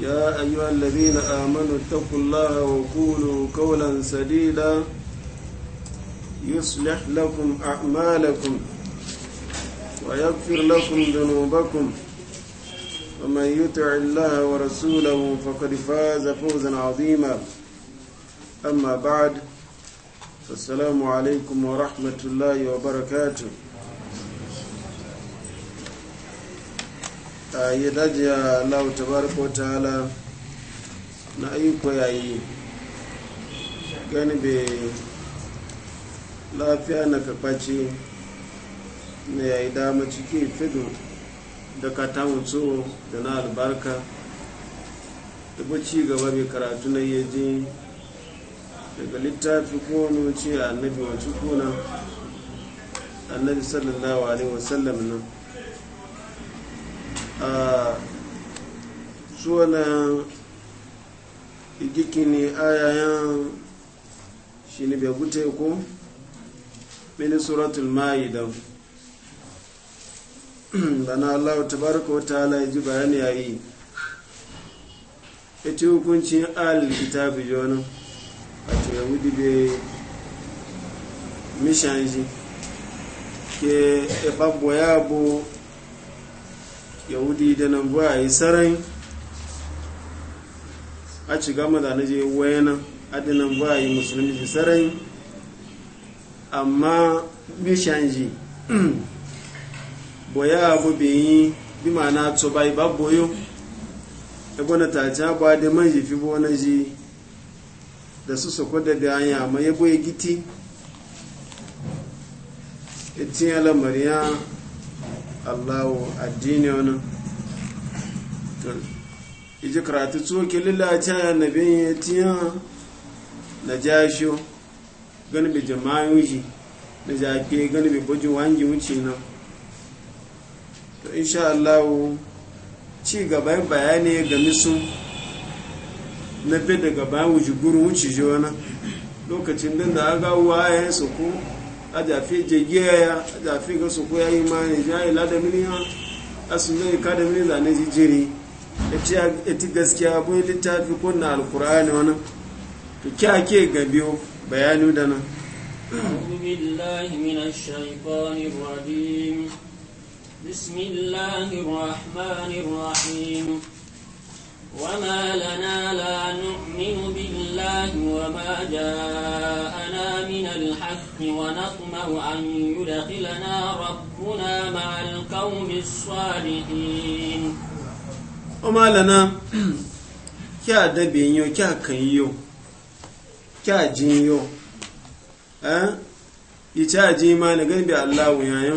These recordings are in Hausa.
يا أيها الذين آمنوا اتقوا الله وقولوا قولا سديدا يصلح لكم أعمالكم ويغفر لكم ذنوبكم ومن يطع الله ورسوله فقد فاز فوزا عظيما أما بعد فالسلام عليكم ورحمة الله وبركاته a yi dajiya bar tabaraka wa ta'ala na ayyuka yayi gani be lafiya na kakwaci na yayi dama ciki fido da ka tamutu da na albarka da ci gaba bai karatu na yaji daga littafi ko a annabi wacce kuna annabi sallallahu alaihi wasallam nan suwanan igikini ayayen shi ne bai gute ku mini suratul ma'ida bana allahu tabaraka wa ta'ala ji bayani yayi ya ci hukuncin alkitabi jona wato wudi bai mishanji ke ebabbo ya bu yahudi da nan buwa yi sarai a ci gama da naje wayana adinan buwa yi musulmi ji sarai amma shanji boya abu biyi bi na to bai ba boyo ya gwana ta ci abuwa da man jifi na ji da su su kwada da hanya amma ya boye giti etinyela mariya allahu addini wani iji karatu tsoke lalace a nabin ya tiya na jasho gani jama'in na jafe bujin wangi wuce to insha allahu ci gaban bayani ga misu na bi daga bayan lokacin din aga ajafe jegiya ya ajafe ga su koya imani ya yi ladamini ha a su asumi kadamini zane jijiri eti gaskiya abu bai littafi ko na alkur'ani wani to kya ke gabiyo bayanu da nan بسم الله الرحمن الرحيم وما لنا لا نؤمن بالله وما جاءنا من الحق ونطمع أن يدخلنا ربنا مع القوم الصالحين وما لنا kya dabe yo kya kan yo kya jin yo eh ita ji ma na gani bi Allah wuyayen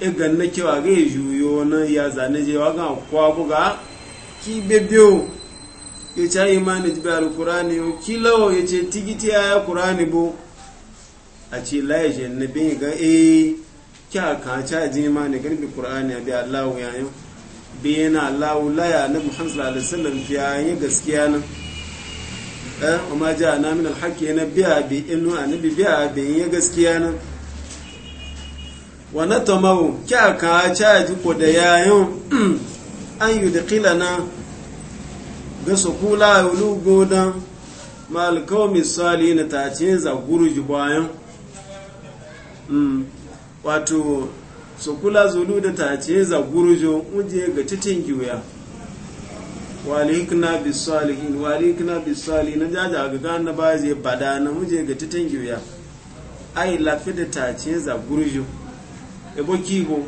e ganna kewa ga yi juyo na ya zane jewa ga kwa buga ki bebeo ya ca imani ji bayar kurani ki lawo ya ce tikiti ya kurani bo a ce laye je na bin ga eh ki a kan ca ji imani garbi kurani a bi allahu ya yi bi yana allahu laya na muhammadu sallallahu alaihi wasallam fi yayin gaskiya nan eh amma ja na min alhaqi yana biya bi inu annabi biya bi yin gaskiya nan wa natamau ki a kan ca ji ko da yayin an yi da kila na ga su kula wulu godan malikau misali na ta ce za guru ji bayan hmm. wato su kula zulu da ta ce za guru ji wuje ga titin giwuya walikina bisalihin walikina bisali na jaja ga gana ba je bada na muje ga titin giwuya ai lafi da ta ce za guru ji ebo kigo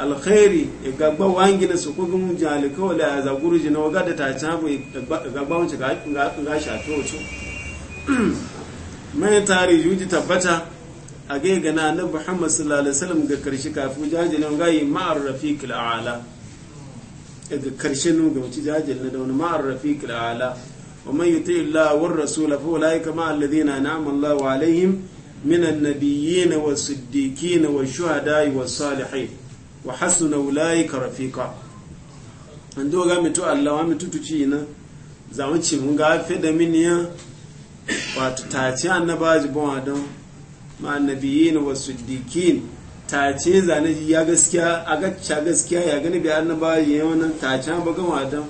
alkhairi igagba wangi na su kogun jali kawai da za guruji na waga da ta can bu igagba wance ga shafi wacu mai tari juji tabbata a gai gana na muhammad sallallahu alaihi wasallam ga karshe kafin jajilin gayi ma'ar rafiq al'ala ga karshe nu ga wuci jajilin da wani ma'ar rafiq al'ala wa man yuti illa war rasul fa ulaika ma alladhina an'ama Allahu alaihim min an-nabiyyin was-siddiqin wash-shuhada'i was-salihin wa hasuna ulaika rafiqa an do ga mitu Allah wa mitu tuci na za mu ci mun ga fe da miniya wato ta ci annabaji bon adam ma annabiyin wa siddiqin ta ce zane ya gaskiya a gacca gaskiya ya gani bi annabaji ya wannan ta an ba ga adam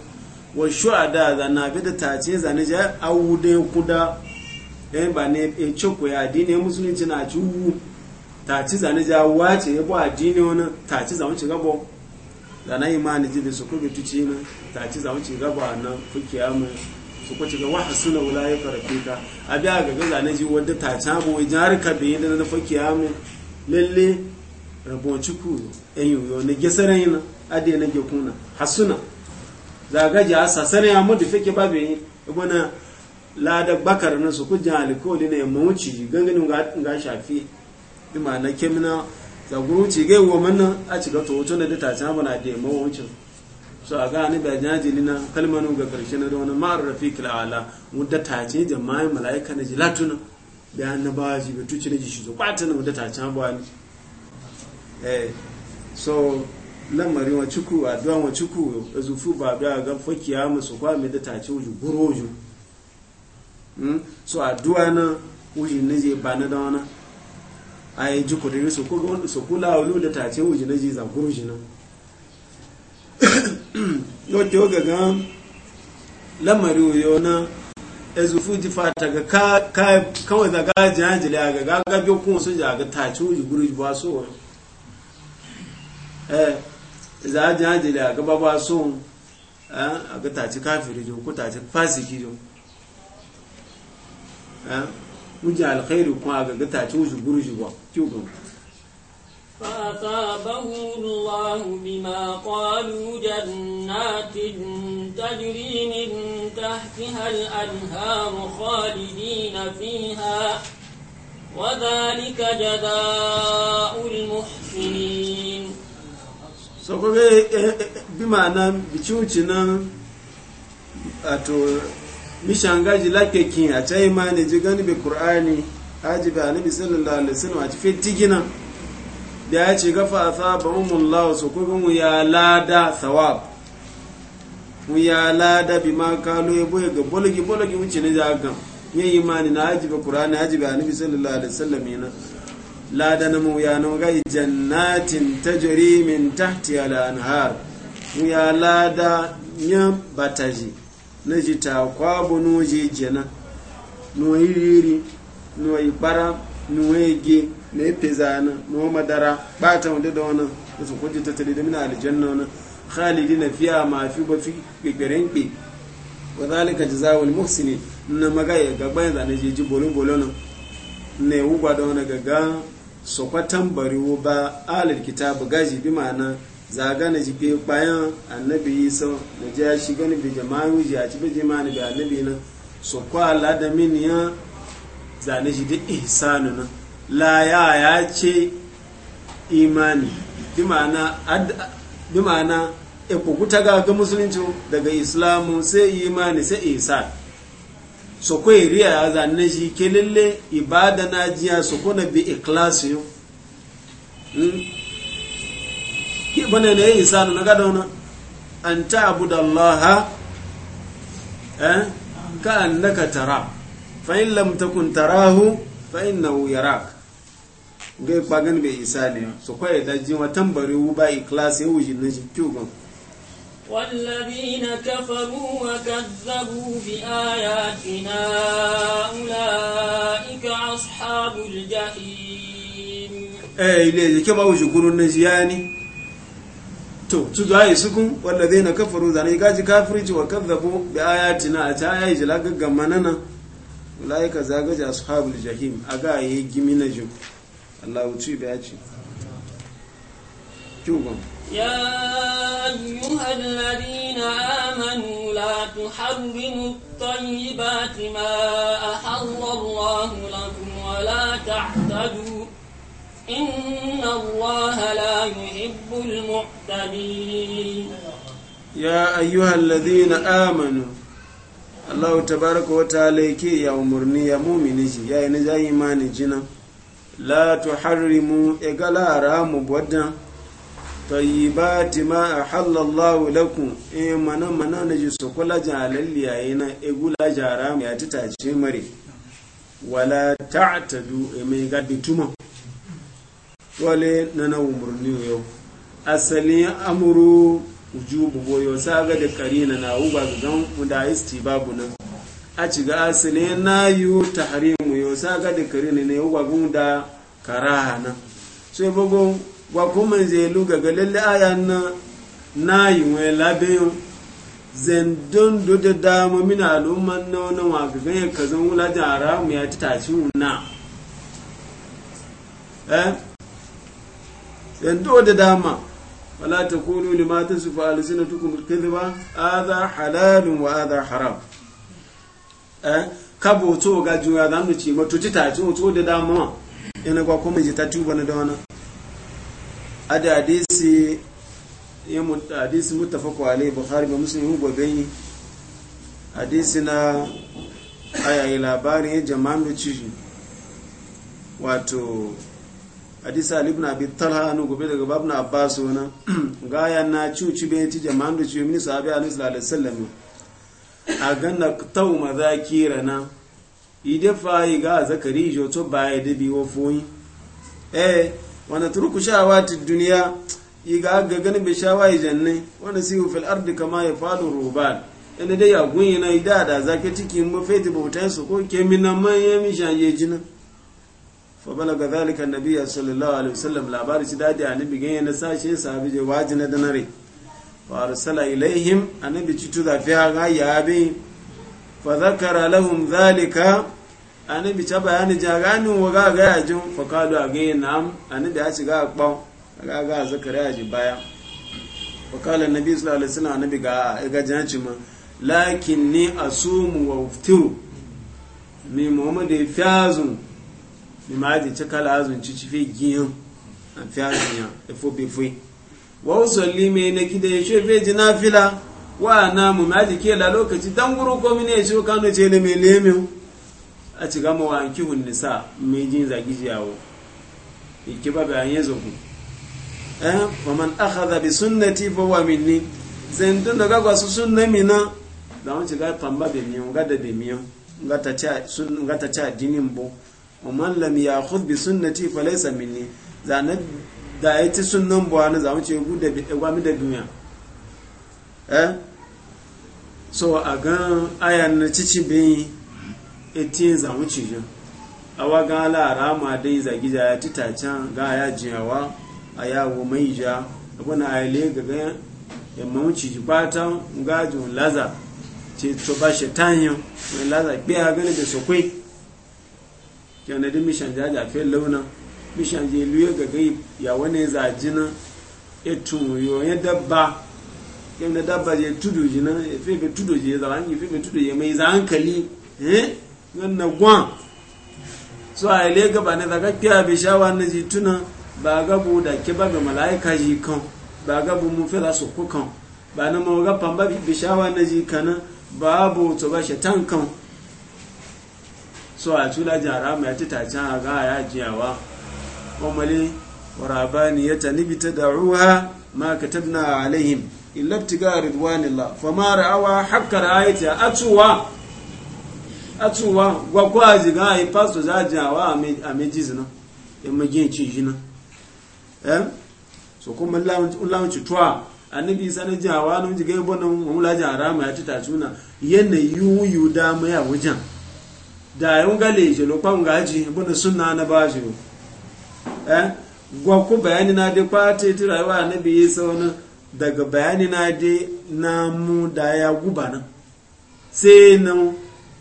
wa shu'ada zana fi da ta ce zane ja awude kuda eh ba ne e choko ya dine musulunci na ci taci zane ja wace ya bu addini wani taci zama ci gabo da na imani ji da su kube tuci na taci zama ci gabo a nan fuki mai su kwaci ga waha suna wula ya karfi ka a biya ga gaza na ji wadda taci abu wai jihar ka bayi da na fuki mai lalle rabon ciku yan yiwuwa na gesara yi na adai na gekuna hasuna zagaji a sasana ya mudu fake ba bayi ibana e lada bakar na su kujin alikoli na yamma wuce ganganin ga shafi bi ma na kemina zaguru ci gai wa manna a ci ga tohoto na da ta ci bana da yamma wancin so a gani ni ba jajili na kalmanu ga karshe na da ma'ar rafi kila'ala wadda ta ce jama'i malaika na jilatuna da na annabawa ji bitu ci na ji shi zo kwata na mudda ta ci ba ni eh so lamarin wa ciku addu'a wa ciku zufu ba biya ga fakiya masu kwa me da ta ci buru wuju hmm? so addu'a na wuju na je ba na da ai ji kudiri su wanda su kula wulu da ta ce wujina ji zakuru ji nan yau ke ga ga lamari yo na ezufu ji fata ga kawai da ga jajile ga ga ga bi kun su ja ga ce wuji guri ba so eh za a ji jajile ga ba ba so eh, a ga ta ce kafin jo ko ta ce fasiki jo wuce alkhairu kuma a ganga ta ci wuce gurushi ba kyogon fata bahu ruwa bima kwalu jannatin tajirinin tahtihar alhamu khalidina fiha wa zalika jada'ul mishangaji lake kin a can imani ji gani bi qur'ani haji bi annabi sallallahu alaihi wasallam a ci tigina gina da ya ce gafa asaba umullah su ko mu ya lada sawab mu ya lada bi ma kalo ya boye ga bologi bologi wuce ne ja ga ye imani na haji bi qur'ani haji bi annabi sallallahu alaihi wasallam ina lada na mu ya no gai jannatin tajri min tahti al-anhar mu ya lada nya bataji na ji ta kwabo na oje jena na oyiriri na oyikpara na oge na efeza na na omadara kpata wadda da wani da su kwanci tattali da mina aljanna wani khalidi na fiya mafi bafi kekeren ke wa zalika jazawul muhsini na magaya gaba yanzu na jeji bolon bolon na ya wugwa da wani gaga sokwatan bariwo ba alal kitabu gaji bi ma'ana zaga na bayan annabi isa na ji ya shiga ni bi jama'u wuji a cibi jima'ani bi annabi na so kwa ladamin ya zane shi duk ihsanu na la ya ya ce imani bi ma'ana e kukuta ga ga musulunci daga islamu sai imani sai ihsan so kwa riya ya zane shi ke lalle ibada na jiya so kuna bi ikhlasu yau ki bane yi sanu na ga dauna an ta'budu allaha eh ka annaka tara fa in lam fa'in na fa innahu yarak ngai pagan yi isa ne so da ji wa tambari wu ba ikhlas e wuji ne ji tugan والذين كفروا وكذبوا بآياتنا أولئك أصحاب الجحيم إيه ليه كما وجه to su zuwa yi sukun wanda zai na kafaru zane gaji kafirci wa kazzabu bi na a ta yayi jila gaggama nana ulaika zagaja ashabul jahim ga yi gimi na jin Allah wuce bi aci kyuban ya ayyuhal ladina amanu la tuharrimu tayyibati ma ahalla Allah lakum wa la tahtadu إن الله لا يحب المعتدين يا أيها الذين آمنوا الله تبارك وتعالى كي يا أمرني يا مؤمني يا نجا إيماني جنا لا تحرموا إقلا رام بودا طيبات ما أحل الله لكم إيه منا منا نجس كل جعل لي أين إقلا جرام يا تتاشي مري ولا تعتدوا إمي قد تمام wale na na umarni yau asali amuru ujubu goyo saga da karina na uba ga gan da isti babu nan a ci ga asali na yu tahrimu yau saga da karina ne uba gun da karaha nan sai bugu wa kuma zai luga ga lalle aya na na yi wai labiyon zendon do da dama mina al'umman na wani wagagan ya kazan wula da haramu ya ci tashi wuna eh yanzu do da dama wala takunu lima tasifu alsinatukum A hadha halalin wa hadha haram eh, ka boto ga juya za mu ci mato ta ci to da dama ina kwa kuma ji ta tuba na da wannan da adisi ya hadisi muttafaqu alayhi bukhari da muslim go bayni Adisi na aya labarin jama'an da ci wato hadisa ibn abi talha nu gobe daga babna abbas wana gaya na cuci bai ci jama'an da ciwo minisa abi alayhi sallallahu sallam a ganna tau mazakira na ide fayi ga zakari jo to baya da biyo foyi eh wanda turku shawati duniya yi ga ganin bai shawayi janne wanda siyu fil ardi kama ya falu ruban ina dai ya gunyina ida da zaka cikin mafaiti bautan su ko keminan manyan mishan jina fa ga zalika annabi sallallahu alaihi wasallam labari shi dadi annabi ganye na sashe sabi je waji na danare fa arsala ilaihim annabi citu da fiya ga yabi fa zakara lahum zalika annabi ta bayani jaganin wa ga ga yajin fa kalu a ganye a annabi ya shiga akpa ga ga zakara yaji baya fa kala annabi sallallahu alaihi wasallam annabi ga ga janci ma lakinni asumu wa uftiru mi muhammadu fiyazun mimaji kala azun ci ci fe giyan a fi azunya efo fobe fe wa usalli me na kida ya shefe ji na fila wa na mu maji ke la lokaci dan guru ko mine ya shi kano ce ne me lemi a ci gama wa anki hun sa me jin zagi jiyawo yake ba bayan yanzu ku eh wa man akhadha bi sunnati fa wa minni zan tun daga ga su sunna mina da ci ga tamba da miyo ga da da miyo ga ta ci sun ga ta dinin bo wa man lam yakhudh bi sunnati falaysa minni zana da ya ci sunnan buwa na zamu ce gu da bidagwa mi da duniya eh so a gan ayan na cici bin etin zamu ci jin awa ga ala rama dai zagi ja ya tita can ga ya jiyawa a yawo mai ja abuna ayle ga ga yamma mu ci fata ga jun laza ce to ba shetan yin laza biya gane da sokoi kyanu da mishan jaja fe launa mishan je luye ga gai ya wani zajina ya e tumuyo ya dabba kyanu da dabba je tudu jina ya fefe tudu je zaran yi fefe tudu ya mai za hankali eh nan na gwan so a ile gaba ne daga kiya bi shawa na ji tuna ba ga bu da ke ba ga malaika ji kan ba ga bu mu fela su ku kan ba na ma ga pamba bi shawa na ji kana babu to ba shaitan kan so a cula jara mai ta tacin a ga ya jiyawa omali warabani ya tanibi ta da'uha ma katabna alaihim illa ibtiga ridwanillah fama ra'awa hakka ra'ayati atuwa atuwa a kwa a yi pastor za jiyawa a meji zina ya magin ci jina eh so kuma lamci ci tuwa annabi sanar jiyawa nan jiga ibonan mamula jara mai ta tacuna yanayi yuyu dama ya wajen da ya nga leje lokwa nga ji bune sunna na ba ji eh gwa ku bayani na de kwate ti rayuwa annabi Isa na daga bayani na de na mu da ya guba na sai na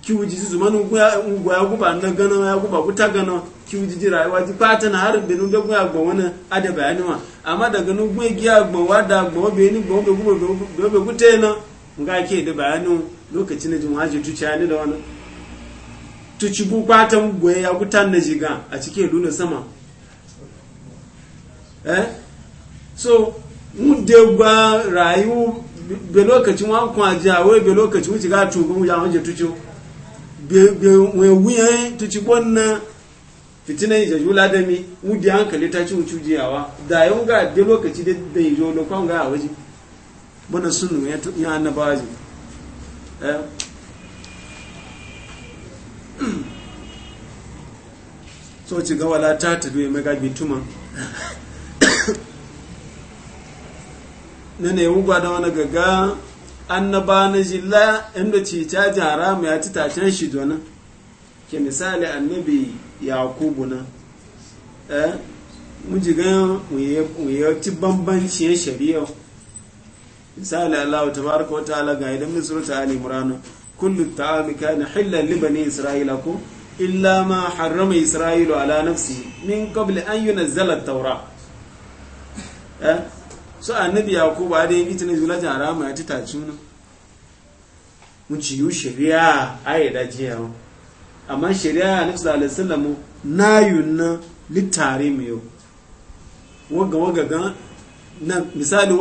kiwuji su zuma ngwa ya guba na gana ya guba ku ta gana kiwuji ji rayuwa ji kwate na har benu be gwa gwa wani ada bayani ma amma daga nu gwe gi agbo wa da agbo be ni gwo be gubo be be ku te na nga ke da bayani lokaci na jin waje tuciya ni da wani tuci bukatan goye ya gutan na jiga a cikin luna sama eh so mu de gba rayu be lokacin wa kun aja we be lokacin wuci ga tu mu ya tu tuci be be we wuye tuci bonna fitina ya jula da mi mu de hankali ta ci wuci jiyawa da yau ga de lokaci da da yo lokon ga waje bana sunu ya annabawa eh so ci ga wala ta ta duwe maga bituma na ne wugwa da wani gaga an na jilla inda ci ta ji haramu ya ci tacen shi dona ke misali annabi yakubu na eh ji gan mu yi ci bambancin shari'a misali allah tabaraka wa ta'ala ga idan min surata ali murano كل الطعام كان حلا لبني إسرائيل أكو ko illa ma harrama على ala من min أن an التوراة at-taura Su so annabi yakubu a dai gitin zula jarama ya tita cuna mun ci yu shari'a ayi da jiya amma shari'a na yau waga waga na misali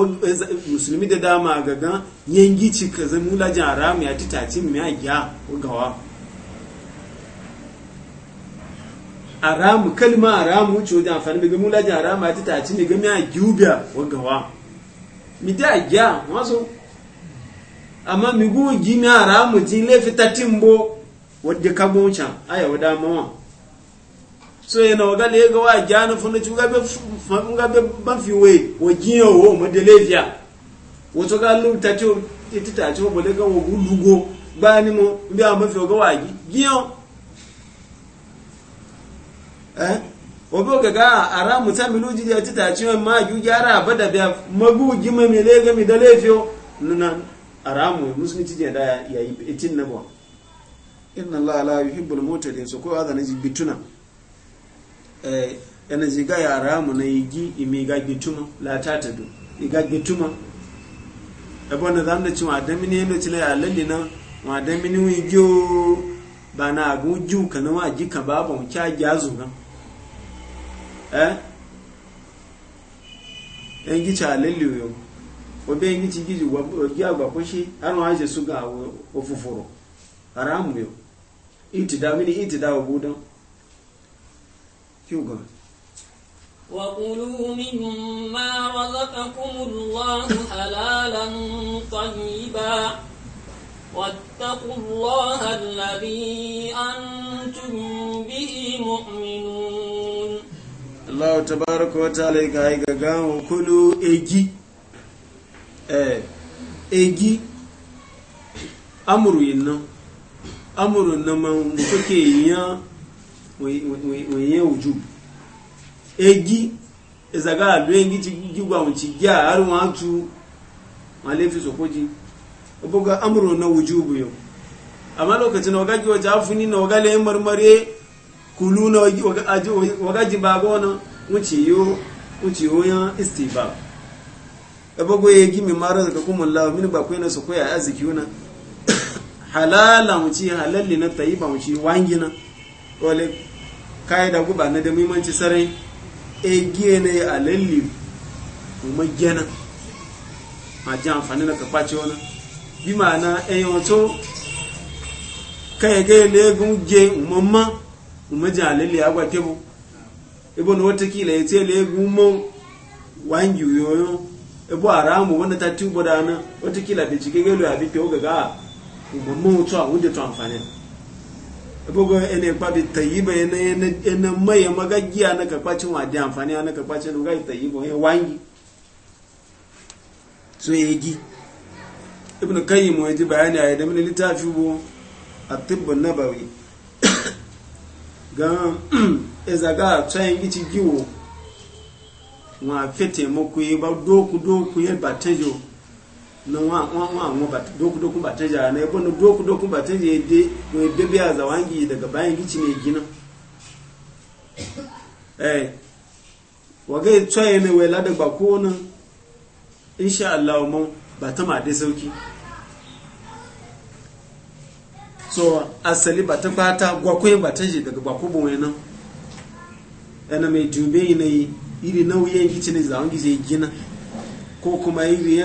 musulmi da dama ga gan yanki ci ka zama lajin haram ya titaci mu ya giya gawa aramu kalma aramu ce wajen amfani da mula aramu a ya ci ne ga a ya wa gawa mi da giya wasu amma mi gugu gi aramu ji jin laifin bo wadda kagon can aya wadda mawa so yana waga le ga wa jana funa ci ngabe ngabe ban fi we wa giyo wo ma de levia wo to ga lu ta ci ti ta ci bo le ga wo lugo gba ni mo bi a mo fi oga wa ji giyo eh wo bo ga ga ara mu ta mi lu ji ti ta ci ma ju ja ara ba da bi magu ji ma mi le ga mi da levio nuna ara mu musulunci je da ya yi itin na bo inna allaha la yuhibbul mutadin so ko azana ji bituna yana eh, ziga ya mu na yigi imi ga gituma la ta ta do iga gituma ebo na zan da ci ma dan mini no ci la lalle na ma dan mini wi gyo ba na agun ju kana wa ji ka baba mu kya gyazu ga eh en gi cha lalle yo obe en gi ci gi wa gi agba ko shi anu aje su ga ofufuro haramu yo itida mini itida wa budan kí o gan. وكلوا مما رزقكم الله حلالا طيبا واتقوا الله الذي أنتم به مؤمنون الله تبارك وتعالى قال وكلوا إجي egi amuru yin nan amuru na man suke yan wenye ujub egi ezaga adu egi ti gigwa mu ti gya aru wa tu wa le fi sokoji oboga amru na wujubu yo amma lokacin waga ji wata afuni na wagale le marmare kulu na waga aji waga yo wuci yo istiba obogo egi mi mara ka kuma Allah min ba koyi na sokoya aziki una halala mu ci halalli na tayyiba mu ci wangina wale kaida guba na da muhimmanci sarai egiye ne a alalli kuma gena ma ji amfani na kafaci wani bi ma'ana ɗayan wato kai gaya na yagun ge mamma kuma ji alalli ya agwa bu ibo na watakila ya ce legun mun wangi yoyo ibo ramu wanda ta tubo da na watakila bincike gelo ya bi kyau ga ga umma a wunde to amfani bugu ene kwabi tayiba ene ene ene maye magagiya na kakwaci wa da amfani na kakwaci no gai tayiba he wangi so yegi ibnu kayyim waji bayani ayi da min litafi bu at-tibb an-nabawi ga ezaga tsayin gici giwo ma fete mako ba doku doku ye batejo na wa wa wa ba doku doku ba taja na yabo na doku doku ba taja de we bebe a zawangi daga bayan gici ne gina eh wage tsaye ne wela lada ba ko na insha Allah mun ba ta ma dai sauki so asali ba ta fata gwakwai ba ta je daga bakubin wani yana mai dube na yi iri nauyin gici ne zawon zai gina ko kuma iri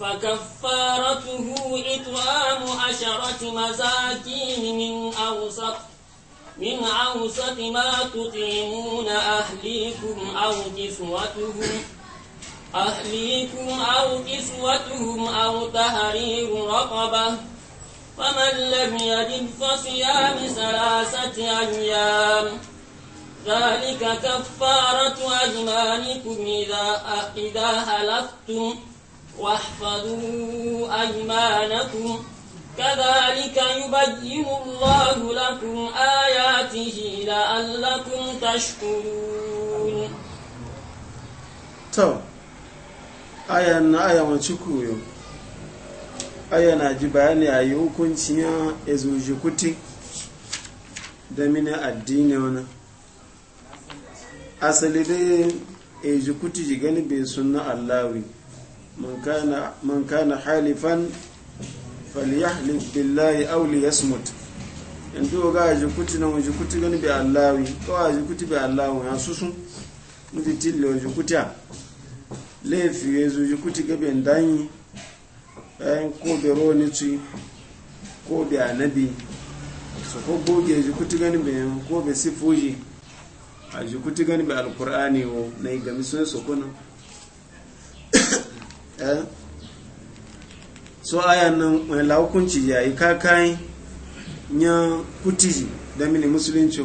فكفارته إطعام عشرة مساكين من أوسط من أوسط ما تطعمون أهليكم أو كسوتهم أهليكم أو كسوتهم أو تهرير رقبة فمن لم يجد فصيام ثلاثة أيام ذلك كفارة أيمانكم إذا إذا هلفتم واحفظوا أيمانكم كذلك يبين الله لكم آياته لعلكم تشكرون تو آية na aya wanci koyo aya na ji bayani a yi hukuncin ya ezoji kuti da mini addini wani asali dai ezoji ji gani bai sunna allawi من كان من كان حالفا فليحلف بالله او ليصمت yanzu ga jikuti na jikuti gani bi ko a jikuti bi allawi ya susun muti tillo jikuti a lefi ya zo jikuti gabe danyi bayan ko bi ronici ko bi anabi su ko goge jikuti gani bi ko bi sifuji a jikuti gani alkur'ani wo na igami sun Eh? so aya nan mai lahukunci ya yi kakai ya kutiji da mini musulunci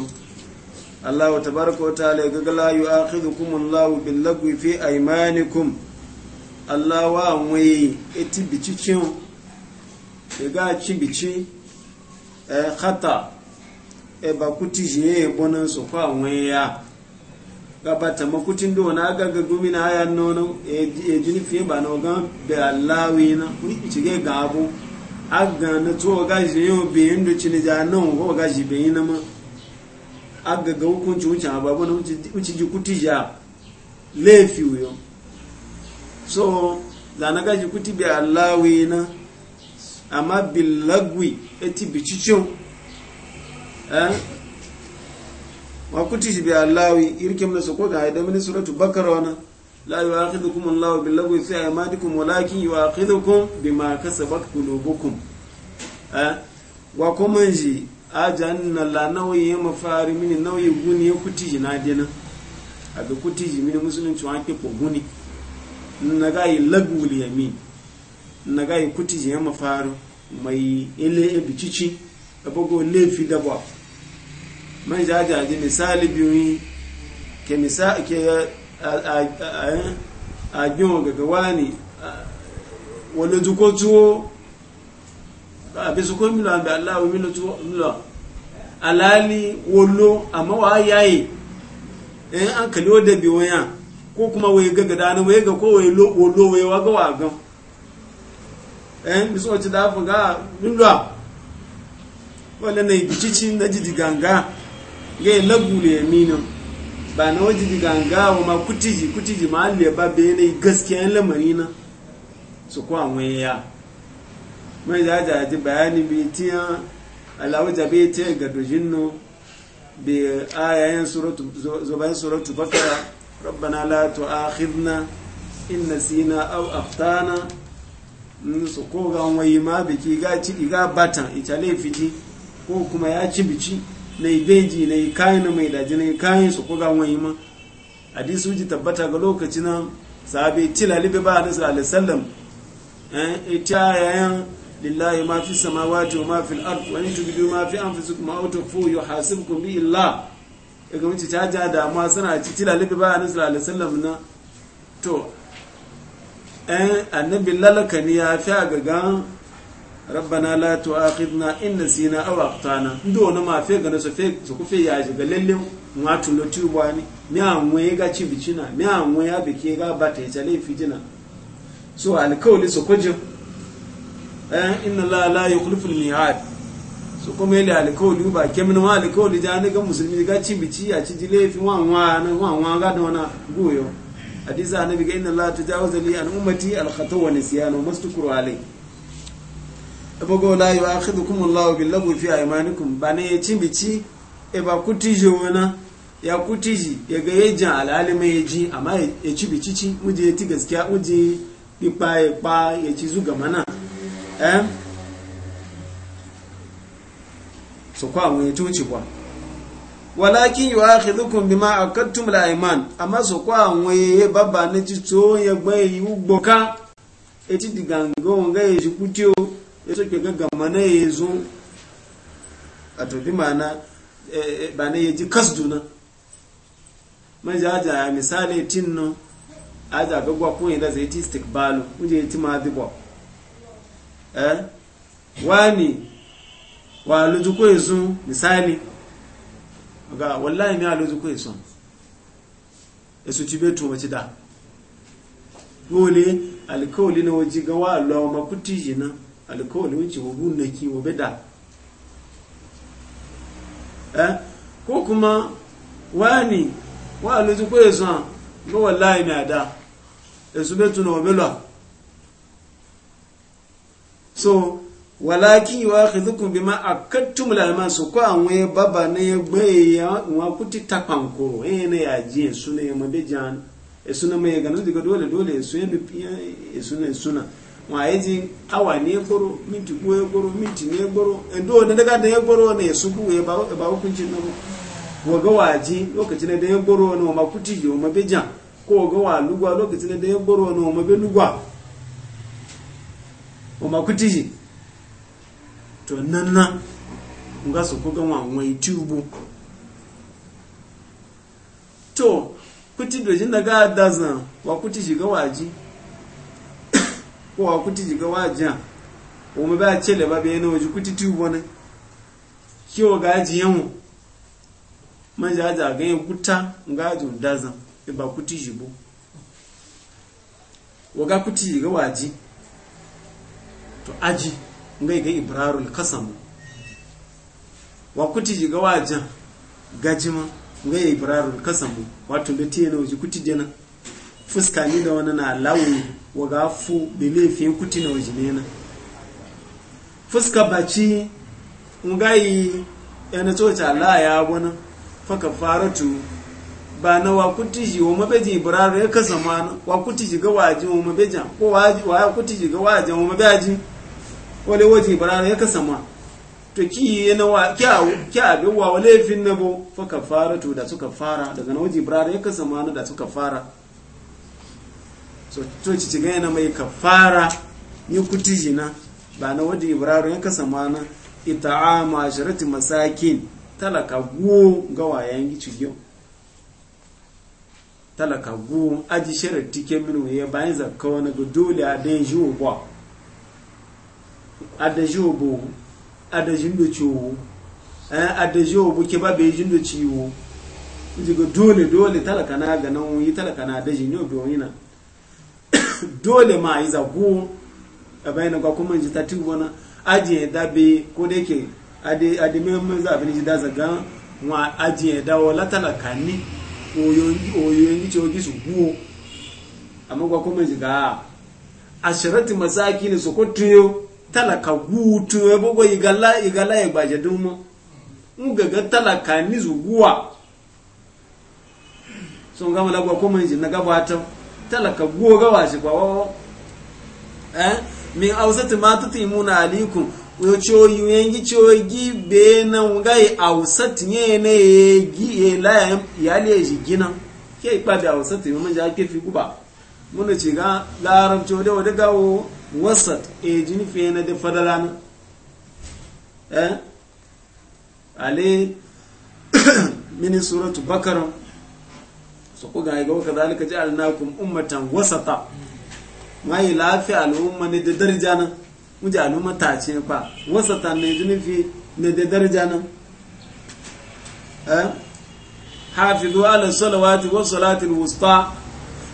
allahu ta baraka wa ta'ala ga gala yu akhidhukum Allah bil lagwi fi aymanikum Allah wa amwe eti bicicin ga ci bici a eh, kata e ba kutiji e bonan so kwa wani ya gabata makutin do na ga ga gumi na ya nono e, e jini fiye ba no gan be allawi na ni cige ga abu aga na to ga je yo be indu cini ja non ko ga ji be ina ma aga ga hukunci wuce ababu na wuce ji kuti ja fi yo so da na ga ji kuti be allawi na amma bilagwi eti bicicin eh wa kutishi bi allawi irkim na soko ga da mini suratu bakara wana la yu'akhidhukum allahu bil lagwi fi aymanikum walakin yu'akhidhukum bima kasabat qulubukum eh wa kuma ji ajanna la nawi mafari min nawi guni ya kutishi na a dena abi kutishi mini musulunci wa ke guni na naga yi lagwul yamin naga yi kutishi ya mafari mai ile e bicici abogo lefi dabo. man jaja ji misali biyu ke misali ke a gina gagawa ne wani duko tuwo a bisu ko milo an bi allahu milo tuwo alali wolo amma wa yayi in eh, an kaliwa da biyu ya ko kuma wai gaga dana wai ga ko wai wolo wai waga wagan eh bisu wacce da afin ga milo wannan na yi bicici na jidi ganga ga lagu ya minin ba na waje ganga wa ma kutiji kutiji ma ya ba be ne gaskiya lamari na su kwa ya mai da bayani bi tiya alawu jabe ta ga dojinno bi ayayen suratu zubayn suratu bakara rabbana la tu'akhidna in nasina aw aftana su ko ga ma biki ga ci ga batan ita laifiji ko kuma ya ci bici na ibeji na ikayi na mai daji na kayan su kuga wani ma hadisi uji tabbata ga lokaci na sahabe tila libe ba hadisi alisallam eh ita yayan lillahi ma fi samawati wa ma fi al-ard wa in tubdu ma fi anfusikum aw tukhfu yuhasibkum bi illah ga mace ta ja da ma suna ci tila libe ba hadisi alisallam na to eh annabi lalaka ni ya fi ga gan rabbana la tu'akhidna in nasina aw akhtana ndo na ma fe gana so fe so ku fe ya ji ga lalle ma tulo tuba ni mi anwe ga ci na mi anwe ya bike ga bate ta le fitina so alkawli so ji eh inna la la yukhlifu al-mi'ad so kuma ile alkawli ba min ma alkawli da ne ga musulmi ga ci bici ya ci dile fi wan wan wan wan ga da wana goyo hadisa annabi ga inna la tajawaza li an ummati al-khata wa nisyan wa mastukru alayhi ebogo la yu'akhidhukum Allahu bil lagwi fi aymanikum bane yechimbichi eba kutije wana ya kutiji yaga yejin alalima yeji amma yechibichi chi muje yeti gaskiya muje ipa ipa yechi zuga mana eh so kwa mu yeto chi kwa walakin yu'akhidhukum bima aqadtum al ayman amma so kwa mu ye baba ne ti to ya gbe yi ugboka eti digango nga yeji kutio ya soke gaggama na ya zo a tobi mana eh, eh, ba na ya ji kasduna majaja ya misali no aja gagwa kun da zai ti istikbalu kuje ya ti ma dibwa eh wani wa lujuko yesu misali ga wallahi mi alujuko ya su ci beto mace da dole alkawali na waje gawa wa makuti makutiji na alkawali wuce hubun na kiwo bida eh ko kuma wani wa alutu ko yesu an ga wallahi mai ada yesu bai tuna wabelwa so walaki wa khidhukum bima akattum lalman su ko anwe baba ne gbe ya wa kuti tapankoro eh ne ya ji yesu ne ya mabe jan yesu na mai ganin diga dole dole esu ya bi yesu ne suna wayeji awa ne gboro minti ko ya gboro minti ne gboro ndo da daga da ya gboro ne su ku ya ba ba hukuncin nan wa ga waji lokacin da ya gboro ne ma kuti yo ma beja ko ga wa lugwa lokacin da ya gboro ne ma ji to nnanna nga su ku nwa wa wai tubu to kuti dojin daga dazan wa kuti ji ga waji ko a kuti jiga wajen o mu ba ce da bai nawa waje kuti tu wani kiwo gaji yamu man ja ja ganyen kuta gaji dazan e ba kuti jibo ga kuti jiga waji to aji ngai ga ibrarul kasam wa kuti jiga wajen gajima ngai ibrarul kasam wato da tiye nawa waje kuti jana fuska ni da wani na launi waga fu da laifin kuti na wajine na fuska baci ngayi yana tsoci Allah ya wani faka faratu ba na kuti ji, wa mabeji ibraru ya kasa wa kuti ji ga waje wa mabeji ko kuti ji ga waje wa mabeji wale waje ibraru ya kasa ma to ki yana wa kya bi wa laifin na bo faka faratu da suka fara daga na waje ibraru ya kasa na da suka fara so to ci ganye na mai kafara ni kuti jina ba na wadda ibraru yanka samana ita'ama asharati masakin talaka go gawayen gicigiyo talaka go aji sharati tike minu ya bayan zakka wani ga dole a dan ji obo a da ji obo a da jin da ciwo eh, a da ji obo ke ba bai jin da ciwo ji ga dole dole talaka na ga nan yi talaka na da jin yau bai dole ma yi zagu a bayan ga kuma ji ta tuba na ajiye da be ko da yake ade mẹ́mẹ́ ji da zaga wa ajiye da wa látàlàkà ní oyoyin tí ó masaki ne su ko tuyo talaka àṣẹrẹ́tì tuyo ní sọkọ́ igala ya gbaje dumo n gaga talaka ni zuguwa sun gama tàlàkà kuma ji na sọ talaka goga washi ba wa eh min ausati ma tutimuna alaikum yo choyu yengi choyi be na ngai ausati yene gi ela yale jigina ke ipade ausati mun ja ke fi kuba mun ce ga larabci da wada gawo wasat e jini fi na da fadalana eh ale mini suratu bakaran su ku ga ga waka zalika ja'alnakum ummatan wasata yi lafi al'umma ne da darja nan mu ji al'umma ta ce fa wasata ne nufi ne da darja nan eh hafizu ala salawati wa salati wusta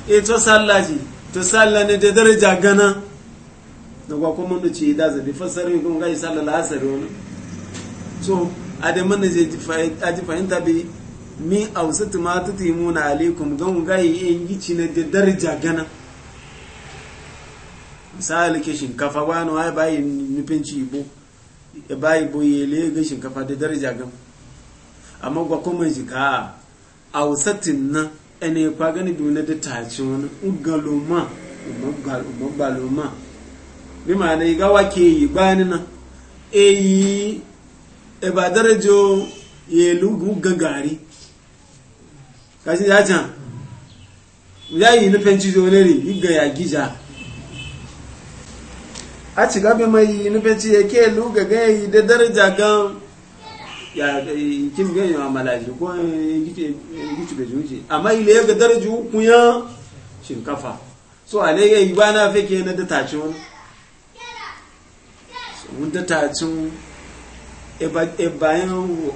e eh, to sallaji to salla ne da darja gana da kwa kuma da ce da zabi fasari kuma ga sallar asari wani so a da mana je a ji fahimta bi min ausatu ma tutimuna alaikum gan gayi en gici na da daraja gana misali ke shinkafa wani ai bayi nufin ci ibo bayi boye ga shinkafa da daraja gan amma gwa kuma jika ausatin na ene kwa gani duna da tace wani ugaloma umagaloma bi ma na iga wake yi bani na eyi e ba darajo yelu gugagari kashi ya can ya yi nufin cizo ne ne ga ya gija a ci gabi mai yi nufin ci ya ke lu ga yi da daraja gan ya eh, kim gan yawa malaji ko eh, gici eh, ga juji amma ile ya ga daraja kunya shinkafa so ale ya yi bana fe ke na datacin wani mun datacin ebayan e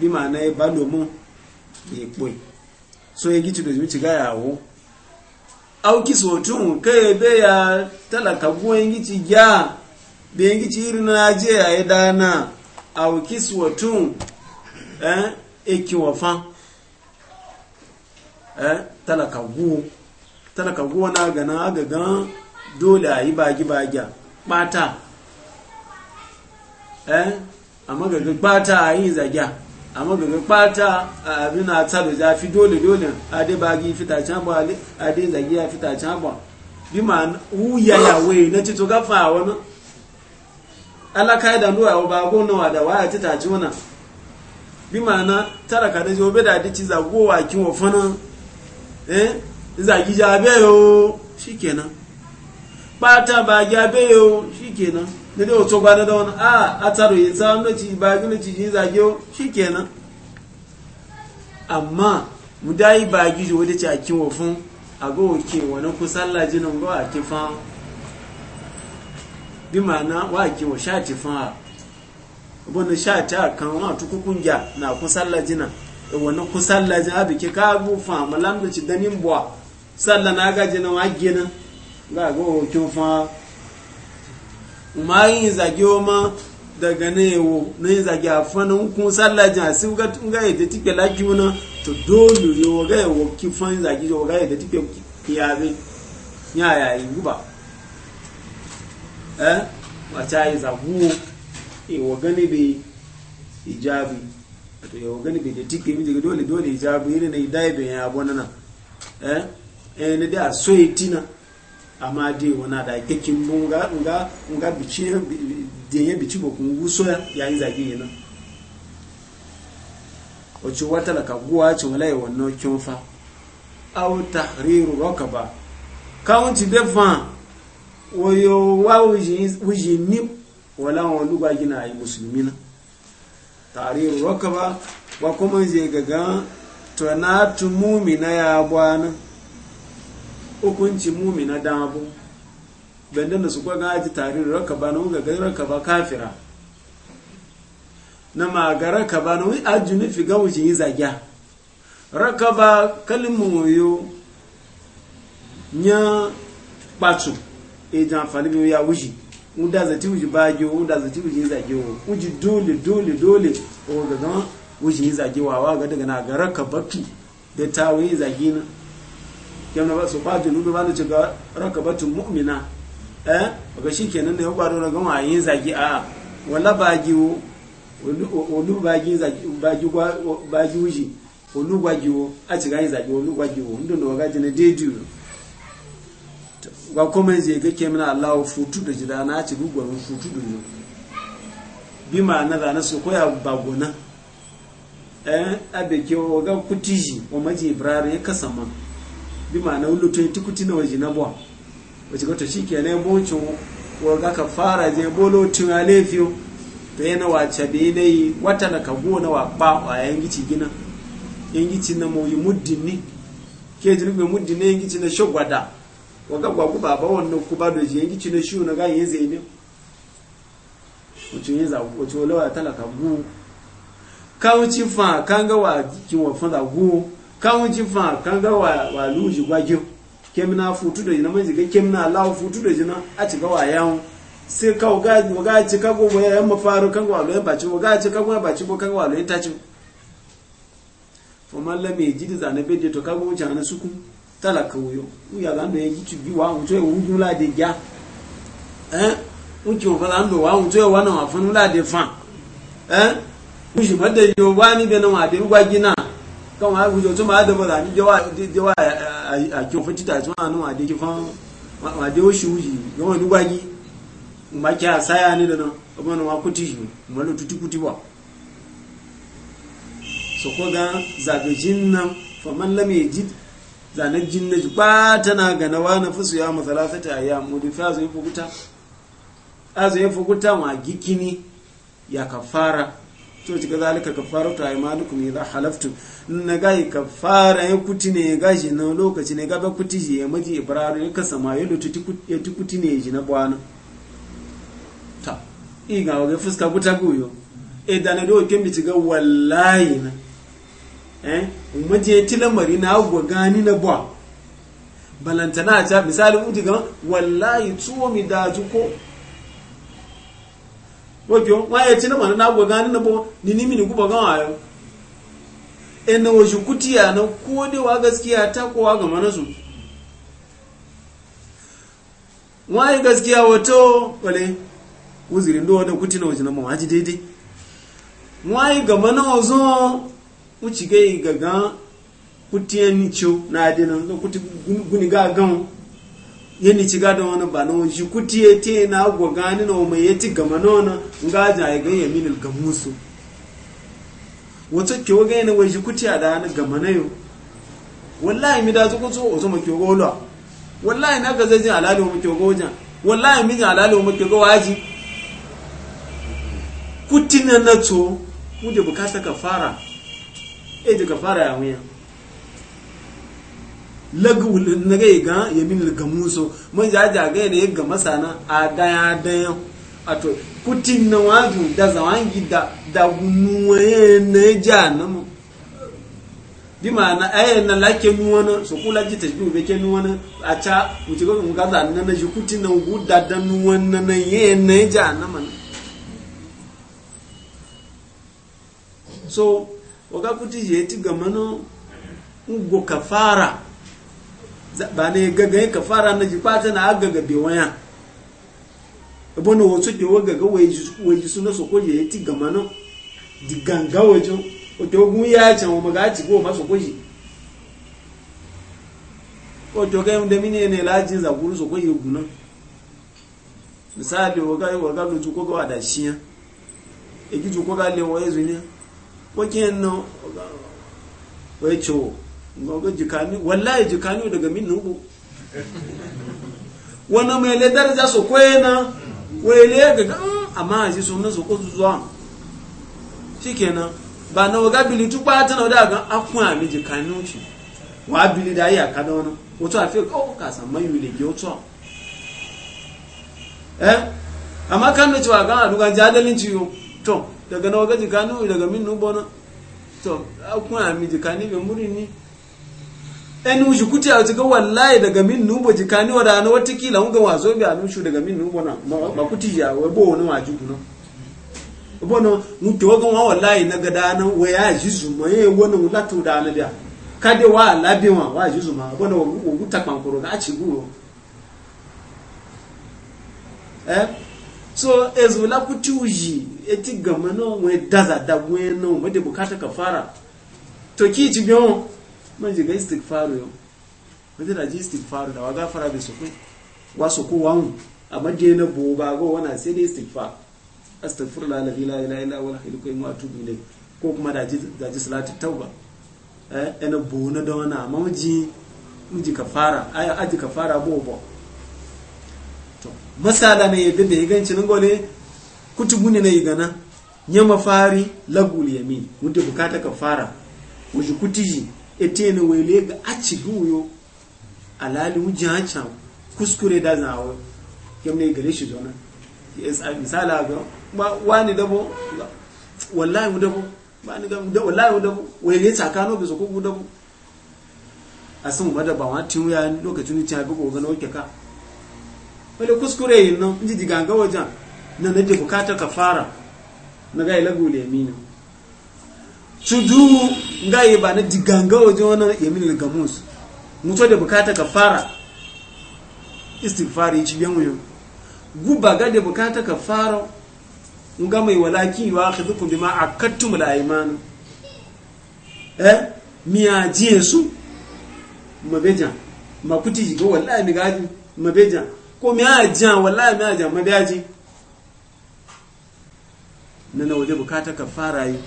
bi ma na ebalomun da e ipo so ya gici da zuci ga yawo auki sotun kai be ya talaka goyen gici ya be gici irin na je a yi dana auki sotun eh eki wafa eh talaka gu talaka gu na ga na ga gan dole a yi bagi bagi bata eh amma ga bata a yi zagya amma gaga kpata abin a tsalo ja fi dole dole ade bagi fita can ba ade zagi ya fita can ba bi ma wuya ya we na tito ka fa wani alaka da nuwa ba go na da waya ta taji wana bi ma na tara ka da jo be da ci zago wa kin wa fana eh zagi ja be yo shikenan kpata ba ja be yo shikenan da dai wato ba da wani a a tsaro ya tsawon na ci ba gina ci jin zage shi kenan amma mu dayi ba gizo wadda ci a kin wafin a ga wake wani kusan lajinan ba a ke fa bi ma'ana wa ke wa sha ti fa abin sha a kan wa tuku kungiya na kusan lajinan e wani kusan lajin abu ke ka bu fa malam da ci danin buwa sallana na na wa gina ga ga wake fa ma yin zage ma daga na yawo na yin zage a fanin hukun sallajin a si ga tunga da tike laki wuna to dole wa waga ya ki fan zage ya waga ya da tike yare ya yayi guba eh wata yi zagu ya waga ne bai ijabi to ya wa gani bai da tike mi daga dole dole ijabi ne na idai bai ya abu eh eh ne da so yi tina amma dai wana da kekin bu nga nga nga bici da ya bici ba kun guso ya yi zagi nan o ci wata la ka guwa ci wala yi wannan kin fa aw tahriru rakaba kawun ci fa fan yo wa wuji ni wala wọn lugba gina ayi musulmi na tahriru rakaba ba kuma zai gaga to na tumumi na ya bwana hukunci mumi na abu bandan da su kwa ga aji raka rakaba na wuga raka ba kafira na raka rakaba na wani aji nufi ga wuce yi zagya rakaba kalmin wuyo nya batu ejan amfani bi ya wuji wuda zati wuji gyo wuda zati wuji yi zagyo wuji dole dole dole o ga gan wuji yi zagyo wa wa ga daga na ga rakabatu da tawo yi zagi na kyan ba su kwaji nuna ba ci ga rakabatun mu'mina eh ga shi kenan da ya kwado na gama yin zagi a wala bagi wo olu bagi zagi bagi gwa bagi uji olu gwagi wo a ci ga yin zagi olu gwagi wo ndun da wagaji na dedu ga kuma zai gake kemna Allah futu da jida na ci gugwarin futu da yi bi ma na zane su koya bagona eh abeke wo ga kutiji wa maji ibrahim ya mana bi ma'ana wulu tun tukuti na waje na buwa wace gato shi ke nai boncin waga ka fara je bolo tun a laifiyo to yana wace da yanayi wata na kago na wa ba a yan gici gina yan gici na moyi muddin ni ke jirgbe muddin na yan gici na shagwada waga gwagu baba wannan ku ba da je yan gici na shiwu na gayin yin zai ne wace yin zagu wace wala wa talaka gu kawuci fa kanga wa kin wa fa zagu kawun ci fa kan ga wa wa luji gwagyo kem na futu da jina manji ga kem na lawo futu da jina a ci wa yawon sai kawo ga ga ci ka gobo ya yamma faru kan wa loyan baci ga ci ka gobo baci bo kan wa loyan taci fa mallam ya jidi zane bede to ka gobo jana suku talaka wuyo uya ga ndo ya gici bi wa unto ya wuju la de ja eh unki o fala ndo wa unto ya wani wa funu la de fa eh uji madde yo wani be na wa de ugwa kan wa gujo tun ba da ba da ni je wa a ki ofin tita tun anu a deki ki fon ma de o shuji yo ni gwagi ma ki asaya ni da no obo no wa kuti ju mo lo tuti kuti wa so ko ga za ga jinna fa man lam yajid za na jinna ji ba na ga na wa na fusu ya masalafata ya mudifa zai fukuta azu ya fukuta ma gikini ya kafara to ci ga zalika kafaratu aymanukum za halaftu na gai fara ya kuti ne ga shi na lokaci ne ga kuti ji ya maji ibraru ya kasa ma yalo tuti ya ti kuti ne ji na bwana ta i ga ga fuska guta guyo e da na dole ke mi ci ga wallahi na eh maji ya ti lamari na agwa gani na bwa balantana ta misali uti ga wallahi tuwo mi da ko wọ́pẹ́ wọ́n yẹ tí náà náà gbọ̀gán nínú bọ́ ní ní mìíràn kúbọ̀ gan ayọ́ ẹnà oṣù kútíyà na wa gaskiya ta kowa ga manasu wọ́n yi gaskiya wato wale e wuzirin da wata kuti na wajen mawa daidai e wọ́n yi gaba na wazo wuci gai gagan kutiyan nicho na adinan kuti guni ga-gan. yeni ci gada wani ba nan shi kuti ya te na agwa gani na wama ya ti gama na wani nga ja ya gani ya minil ga musu wata kewa gani na wai shi kuti a da hannun gama na yau wallahi mi da su kusa wasu ma kewa gola wallahi na gaza zai alali wa kewa gojan wallahi mi jin alali wa kewa waji kuti na na to mu bukata ka fara e da ka fara ya wuya lagu na gai ga ya min ga muso mun ja ja ga ne ga masana a daya daya ato kutin na waju da zawangi da da gunuwe ne ja na mu bi ma'ana ayen na lake nuwana so kula ji ta jibe ke nuwana a ca wuce ga mun gaza na na ji kutin na guda da nuwana na ye ne ja na mana so waga kuti je ti ga mano ugo kafara ba ne gagayen kafara na ji fata na agaga be waya ibn wasu ke wa ga waji suna so koje ya ti gama no di ganga wajo oto ogun ya can wa maga ci go maso koje oto ga yunda mine ne lajin za guru so koje misali waga waga lo ju ko da shiya e gi ju ko ga le wa yezu ne ko wa gogo jikani wallahi jikani daga min nubu wana mele daraja so kwena wele ga amma ah, ji so na so ko zuwa shikenan ba na waga bili tu pata na da ga akun ami jikani uchi wa bili da ya kada wana wato afi ko oh, ka san mayu le ge wato eh amma kan ne cewa ga aduga jadalin ciyo to daga na waga jikani daga min nubu na to akun ami jikani be murini ɗan shi kuti a cikin wallahi daga min nubo jikani wa rana watakila hunga wazo bi a nushu daga min nubo na ba kuti ya wai bo wani waji kuna bono mutu wagan wa wallahi na ga dana wa ya ji zuma ye wani wulatu da ana biya kade wa labi wa wa ji zuma bono wa guta kankoro ga ci guro eh so ezula kuti uji eti n'o, we daza da n'o, mede bukata kafara to ki biyo man jiga istighfaru yau wanda da ji istighfaru da wa gafara bai sukun wa suku wan amma je na bo ba go wana sai dai istighfar astaghfirullah la ilaha illa illa wal hayyul qayyum wa atubu ilayh ko kuma da ji da ji salatu tauba eh ina eh, bo na da wana amma muji muji kafara ay aji kafara bo bo to masala ne yadda da yaganci nan gole kutubu ne na yigana nyama fari lagul yamin mutu bukata kafara ujukutiji etene wele ga aci guyo alali wujin hancan kuskure da zawo kemne gare shi zona misali ga wani dabo wallahi mu dabo wani ga wallahi mu dabo wele tsakano bi so ko dabo asin mada ba wa tin ya lokacin tin abi ko ga nauke ka wale kuskure yin nan inji diganga wajen nan da bukata kafara na ga ilagu gule mina cuju yi ba na diganga waje wani yamin al mutu da bukata ka fara istighfari ci biyan wuyo guba ga da bukata ka fara nga mai walaki wa akhidhukum bima kattu al-ayman eh miya jiye su mabeja makuti ga wallahi mi gaji mabeja ko miya ajan wallahi mi ajan mabeji na waje bukata ka fara yi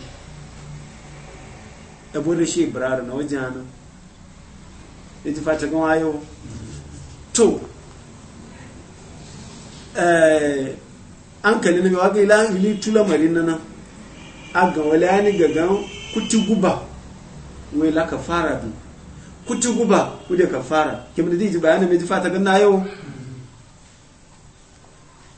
da bude shi biraro na wajen hannun ya ji fata gan wayo to eh, an kalli na mewa ga ila hili tula marin nana a ga wale ani ga gan kuti guba wai la ka fara bi kuti guba kude ka fara kim da ji bayanin mai ji fata gan na yau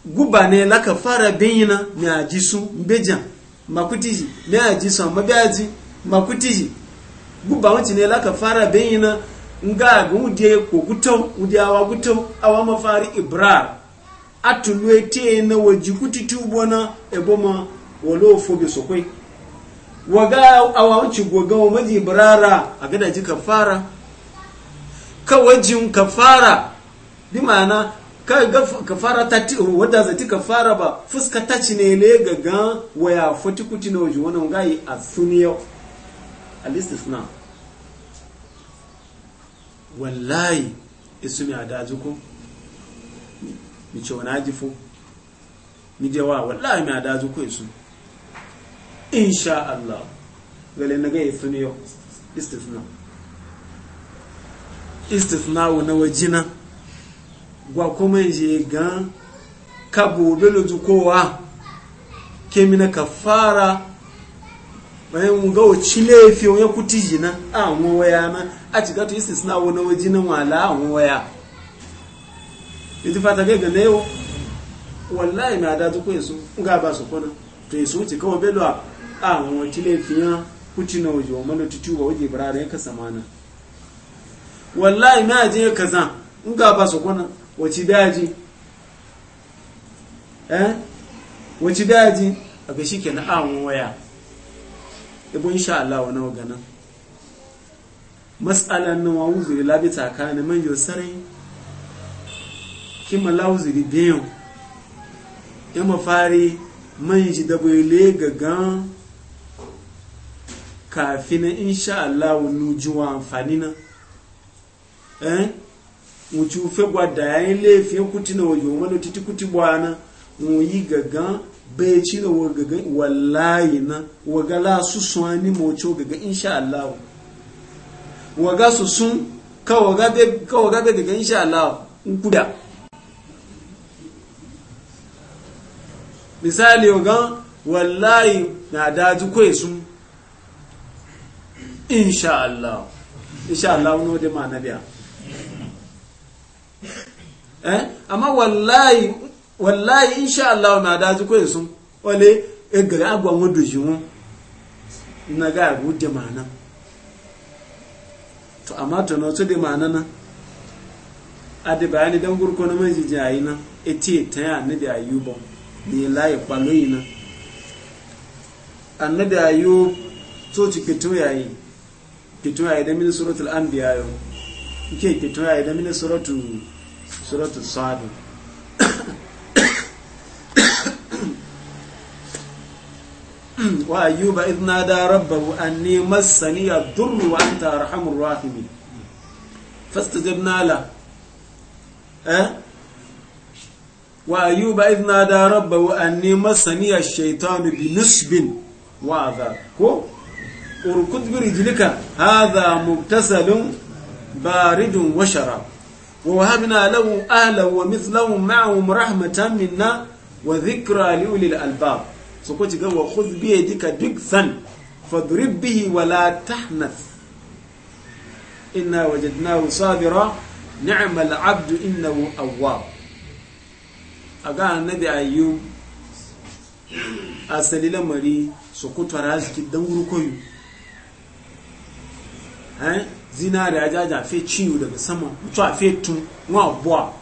guba ne la ka fara bin yana mai ajisu mbejan makutiji mai ajisu amma bai ajisu makuti guba wanci ne laka fara bayyana nga ga wude ko guto wude awa guto awa mafari ibra atulu ete na waji kututu bona eboma wolo fobe sokwe waga awa wanci goga wa maji ibrara a gada ji kafara ka wajin kafara bi ma'ana ka ga kafara ta ti wadda za ti kafara ba fuska ta ci ne le gaga waya fati kuti na waji wannan gayi a suniyau al-istisna wallahi isu ko mi wani ajifo mi je wa wallahi mi adaji ko isu insha Allah na ga na wajina gwa kuma je gan kabo kowa kemina kafara nga ochile efi onye kwuti ji na anwụwe ah, ya na achigata isi si na-awụ na oji na nwala anwụwe ah, ya idifata ga gane yau wallahi mai adadu ko yesu nga ba su kona to yesu ci kawo belo a awon ah, ochile efi ya kuti na oji wa malo tutu ba oji bara ya kasa mana wallahi mai ajiye kaza nga ba su kona wace daji eh wace daji a ga shi ke na awon waya ibu insha Allah wannan ganin matsalan nan wa uzuri labi tsakanin man yau sarai kima la uzuri biyan ya mafari man ji dabo le K'a kafin insha Allah wa amfani eh? na eh mu ci fe gwada yayin laifin kutina wajen wani titi kuti bwana mu yi gagan bai ci da wagaga wallahi na waga la su suwa ni mocho gaga insha Allah waga su sun ka waga be gaga insha Allah in kuda misali waga wallahi na daji kai sun insha Allah insha Allah no de ma biya eh amma wallahi wallahi insha Allah ma da e ji koyin sun wale egere agwa mu doji mu na ga agu de mana to amma to no to de mana na de bayani dan gurko na mai jiji ayi na eti ta ya ne de ayuba ni laye kwalo yi na de ayu to ci kitu yayi kitu yayi da min suratul anbiya yo ke kitu yayi da min suratul suratul sadu وأيوب إذ نادى ربه أني مسني الضر وأنت أرحم الراحمين فاستجبنا له أه؟ وأيوب إذ نادى ربه أني مسني الشيطان بنصب وعذاب كو اركض برجلك هذا مبتسل بارد وشراب ووهبنا له أهلا ومثله معهم رحمة منا وذكرى لأولي الألباب so ko cigan wa khudh bi yadika biksan fadrib bihi wa la tahnath inna wajadnahu sabira ni'mal abdu innahu awwab aga annabi ayyub asali lamari su kuta raziki dan wurkoyu eh zinari ajaja fe ciwo daga sama mutu a fe tun wa buwa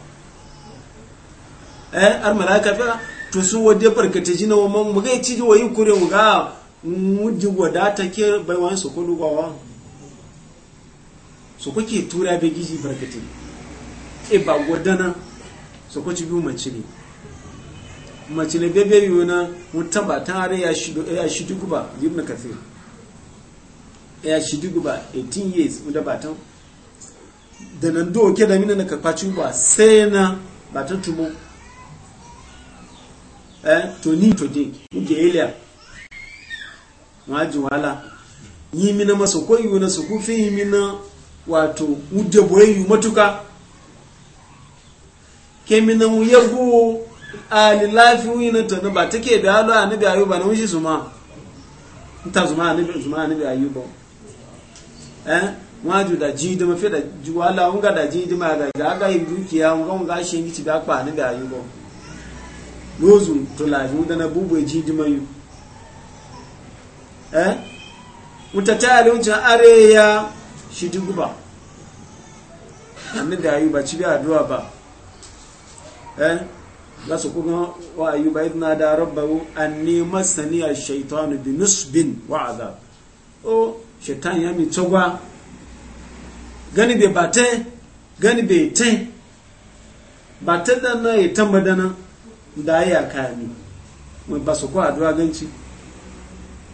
eh ar malaika fa to su wadda barkata jina wa man mu gai ci wa yi kure mu ga muji ta ke bai wani su kudu gawa su kuke tura bai gizi barkata e ba gwadana su kuci biyu mace ne mace ne bebe yiwu na mutum ba ta hari ya shi dugu ba yi na kafin ya shi dugu ba 18 years wadda ba ta da nan doke da mina na kakwaci ba sai na ba ta tumo eh toni todi nke ile wa wala yi mina na maso ko na so ku fi yi wato wuje yi matuka ke mi mu yago na ba take da halu annabi ayuba na wushi zuma nta zuma ayuba eh waju da mafi da ma ga ga ga yi dukiya unga lozun tulaji bubu bubwe jindi mayu eh mutatali unja areya da annabi ba ci bi addu'a ba eh za su kuma wa ba idna da rabbahu anni masani ash-shaytanu bi nusbin wa adab o shaitan ya mi tsogwa gani be bate gani be te bate da na ya e tamba na da ya kami mun ba su ko addu'a ganci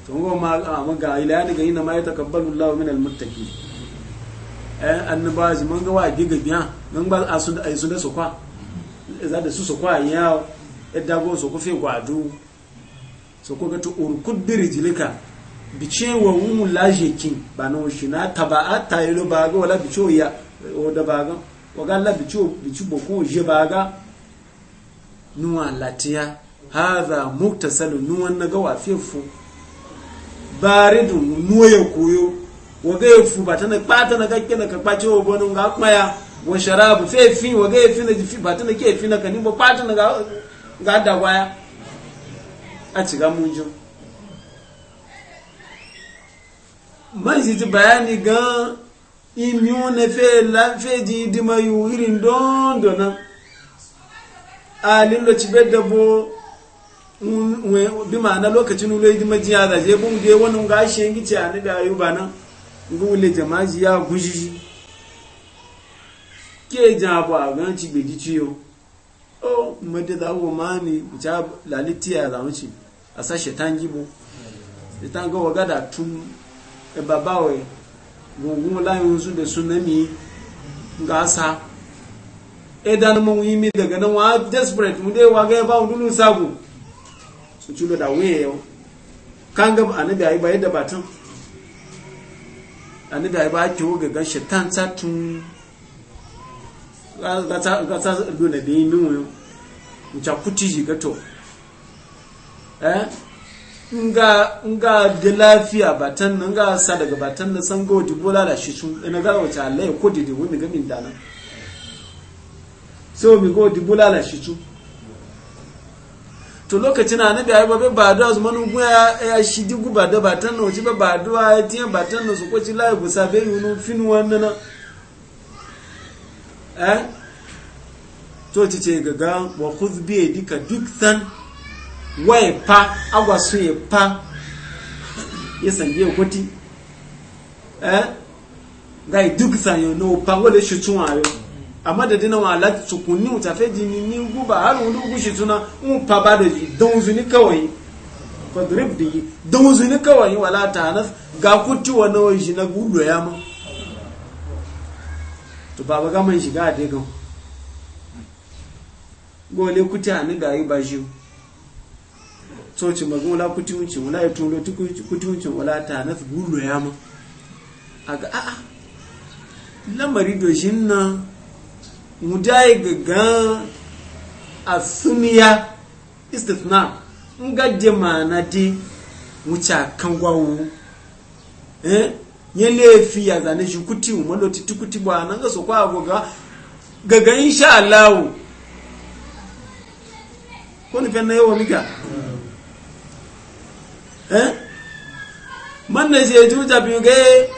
to ngo ma ga ila ne ga ina ma yatakabbalu Allahu min almuttaqi eh annabaji mun ga wa giga biya mun ba asu da asu da su kwa za da su su kwa ya yadda go su ku fi gwadu su ku ga tu urkud dirjilika bice wa umu lajekin ba na shi na taba'a tayilo ba ga wala bice ya o da ba ga wa ga la bice bice boko je ba ga nuwa latiya haza muktasalu nuwan na gawa fefu baridun nuwa koyo waga ya fu ba ta na kpata na gakke na kakpa cewa bonin ga kmaya wa sharabu fefi waga ya fi na jifi ba ta na ke fi na kanin ba kpata na ga dagwaya a ciga munjo man shi ti bayani gan imiyu na fe la fe idima yu irin don donan alin lo ci bedda bo bi ma'ana lokacin ulo yi maji ya zaje bu je wani ga shi yin gice a da ayu ba nan gule ji ya guji ke jan abu a gan ci gbeji ciyo o mada za ku ma ni wuce lalitiya za mu ci a sa shetan bu shetan ga wagada tun e babawai gungun layin su da sunami ga sa edan mo yi mi daga nan wa desperate mu dai wa ga ba mu dulun sagu su culo da wuye yau kan ga annabi ayi ba yadda batun anabi ayi ba ki ga gan shaitan satun ga ta ga ta dole da yin mu mu ta kuti ga to eh nga nga de lafiya batan nga sa daga batan na san go dibola da shi sun ina ga wata Allah ya kodi da wani gamin da sai omi go di bulala shi tu to lokacin na nabi ayi bai ba da zumanu gun ya shi di guba da batan no ji ba ba da ya tiya batan no su ko ci lai busa be yunu fin wannan na eh to ci ce gaga wa khudh bi e duk san wa e pa agwa su ya e pa ya sange goti eh san yau na no pa wale shi tun ayo amma da dina wa lati tsukuni mutafe ji ni ni guba har wani gushi tuna in fa ba da don zuni kawai fadrib da yi don zuni kawai wala ta hanaf ga kuti wani wani shi na gudu ya ma to ba ba gama shiga a daga gole kuti a niga yi ba shi so ci magan wala kuti wuce wala ya tuno kuti wuce wala ta hanaf gudu ya ma a ga a'a lamari doshin nan mudai gagan asumiya istithna nga de mana de mucha kangwawu eh yele fi ya zane shukuti umalo titukuti bwana nga so kwa boga gaga insha Allah koni penna yo mika eh man ne je tuja biuge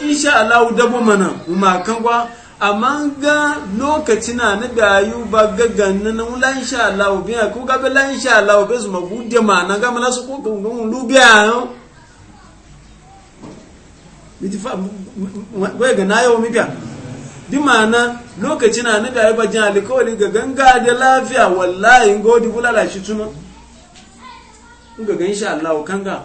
insha Allah dabo mana umma kangwa amma ga lokaci na na ga gayu ba gaganna na wula sha Allah bi ko ga bela sha Allah be su magude ma na ga mala su ko ko ngun lubia no biti fa wai ga nayo mi ga di mana lokaci na na gayu ba jin alkawari ga ganga da lafiya wallahi ngodi bulala shi tuno ga ga insha Allah kanga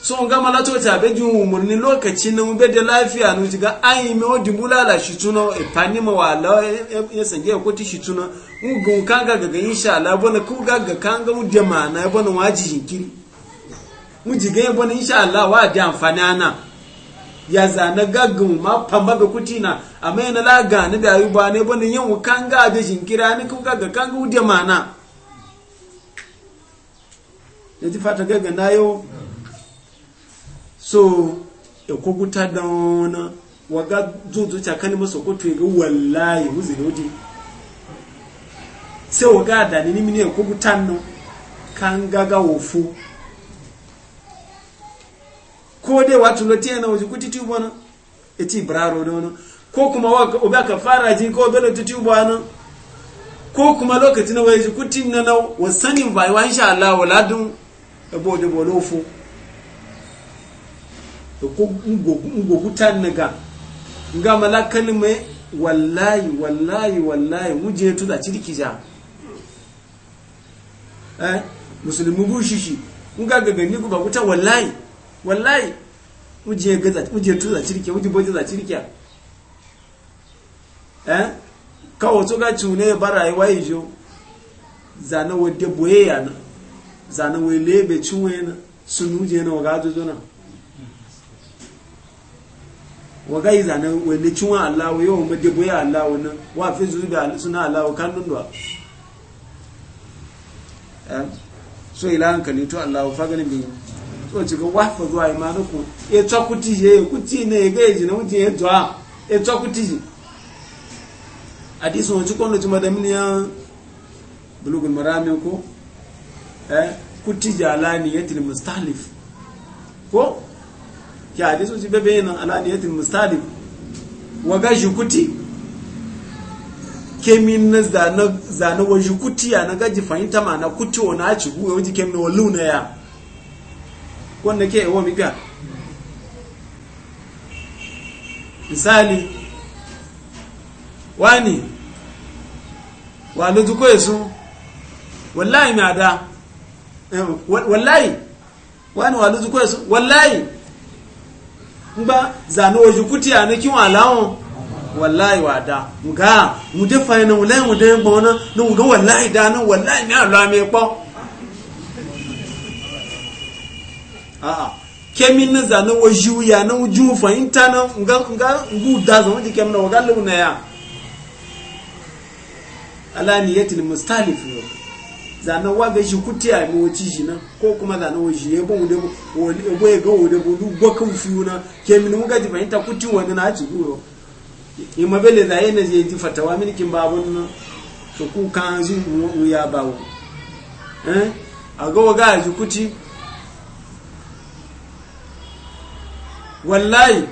sun gama lato ta be gi umurni lokaci na be da lafiya nu jiga ayi me odi bulala shi tuna e pani ma wala ya e, e, e sange ko ti shi tuna mu gun kanga ga ga insha Allah bana ku ga ga kanga mu de mana bana waji jinkiri mu jiga bana insha Allah wa da amfani ana ya zana gaggun ma ga kuti na amma yana la ga ni da yuba ne bana yin kanga da jinkira ni ku ga ga kanga mu de mana yaji fata ga ga na yau so ekokuta dona waga zuzu chakani maso ko twege wallahi uzirodi se waga da ni mini ekokuta no kangaga ofu ko dai watu lotiya na waje kuti tu bana eti braro dono ko kuma waka obaka faraji ko belo tu bana ko kuma lokacin na waje kuti na na wasani bai wa insha Allah waladun ebo de bolofu to ko ngogutan naga nga malakan me wallahi wallahi wallahi muje tu da ciki ja eh musulmi bu shishi nga ga gani ku ba kuta wallahi wallahi muje gaza muje tu da ciki muje boje da ciki eh ka wato ga tune barai wai jo zana wadde boye yana zana wai lebe chuwe na sunuje na waga na wa gai zanen wani cin wa Allah wa yawan madibu ya Allah wa nan wa fi zuzu da suna Allah wa kan nunduwa eh, so la hankali to Allah wa fagani bi so ci ga wafa zuwa mana ku e to kuti je kuti ne ga ji na mutin e zuwa ya e to kuti je hadisin wanci kwallo ci madamin ya bulugun maramin ko eh kuti ya yatil stalif ko ki hadisu ci bebe nan alaniyatin mustalim waga jukuti kemin na zane wa jukuti ya na gaji fahimta ma na kuti wa na ci guwe wajen kemin wa luna ya wanda ke yawa miga misali wani wa lutukwa yasu wallahi mai ada wallahi wani wa ya su wallahi ba zane waje kuti a nakin alawon wallahi wada da ga mu da fa na wallahi mu da ba na na wallahi da na wallahi mi alwa me po a a kemin na zane waje ya na uju fahimta na ga ga ngu da zan waje kemin na wagallu na ya ala niyatil mustalif zana waga shi kuti a mawaci shi nan ko kuma zana wa shi yabo wunde bo ya ga wunde bo duk gwa kan fiyu na ke min muka ji fahimta kuti wani na ci guro ima bele za yana je ji fatawa milkin babun nan to ku kan ji ya bawo eh a ga waga shi kuti wallahi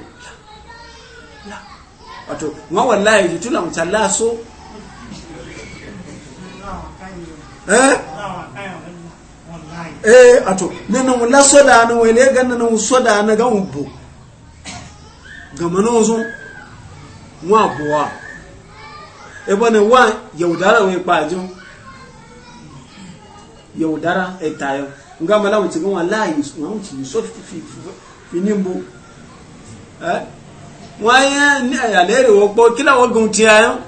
wato ma wallahi ji tula mutalla so Eh? eh ato nana wula soda na wele ga nana soda na ga ubu ga manozo wa buwa ebo ne wa yaudara we pajo yaudara etayo nga mala wuti ga wallahi wa wuti so fi fi nimbo eh wa ye ni ayalere wo po kila wo gun ti ayo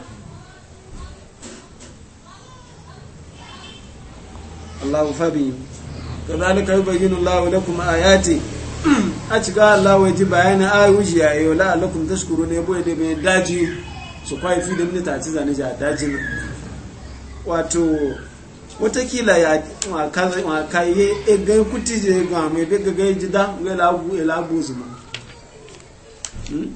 Allahu fabi kadhalika yubayyinu Allahu lakum ayati a cika Allah wai ji bayani a wuji ya yi la alakum tashkuru ne boye da bai daji su kwai fi da mini ta ci zane ja daji na wato watakila ya makaye egan kuti je ga mai bai gaga ji da wai lagu elagu zuma hmm?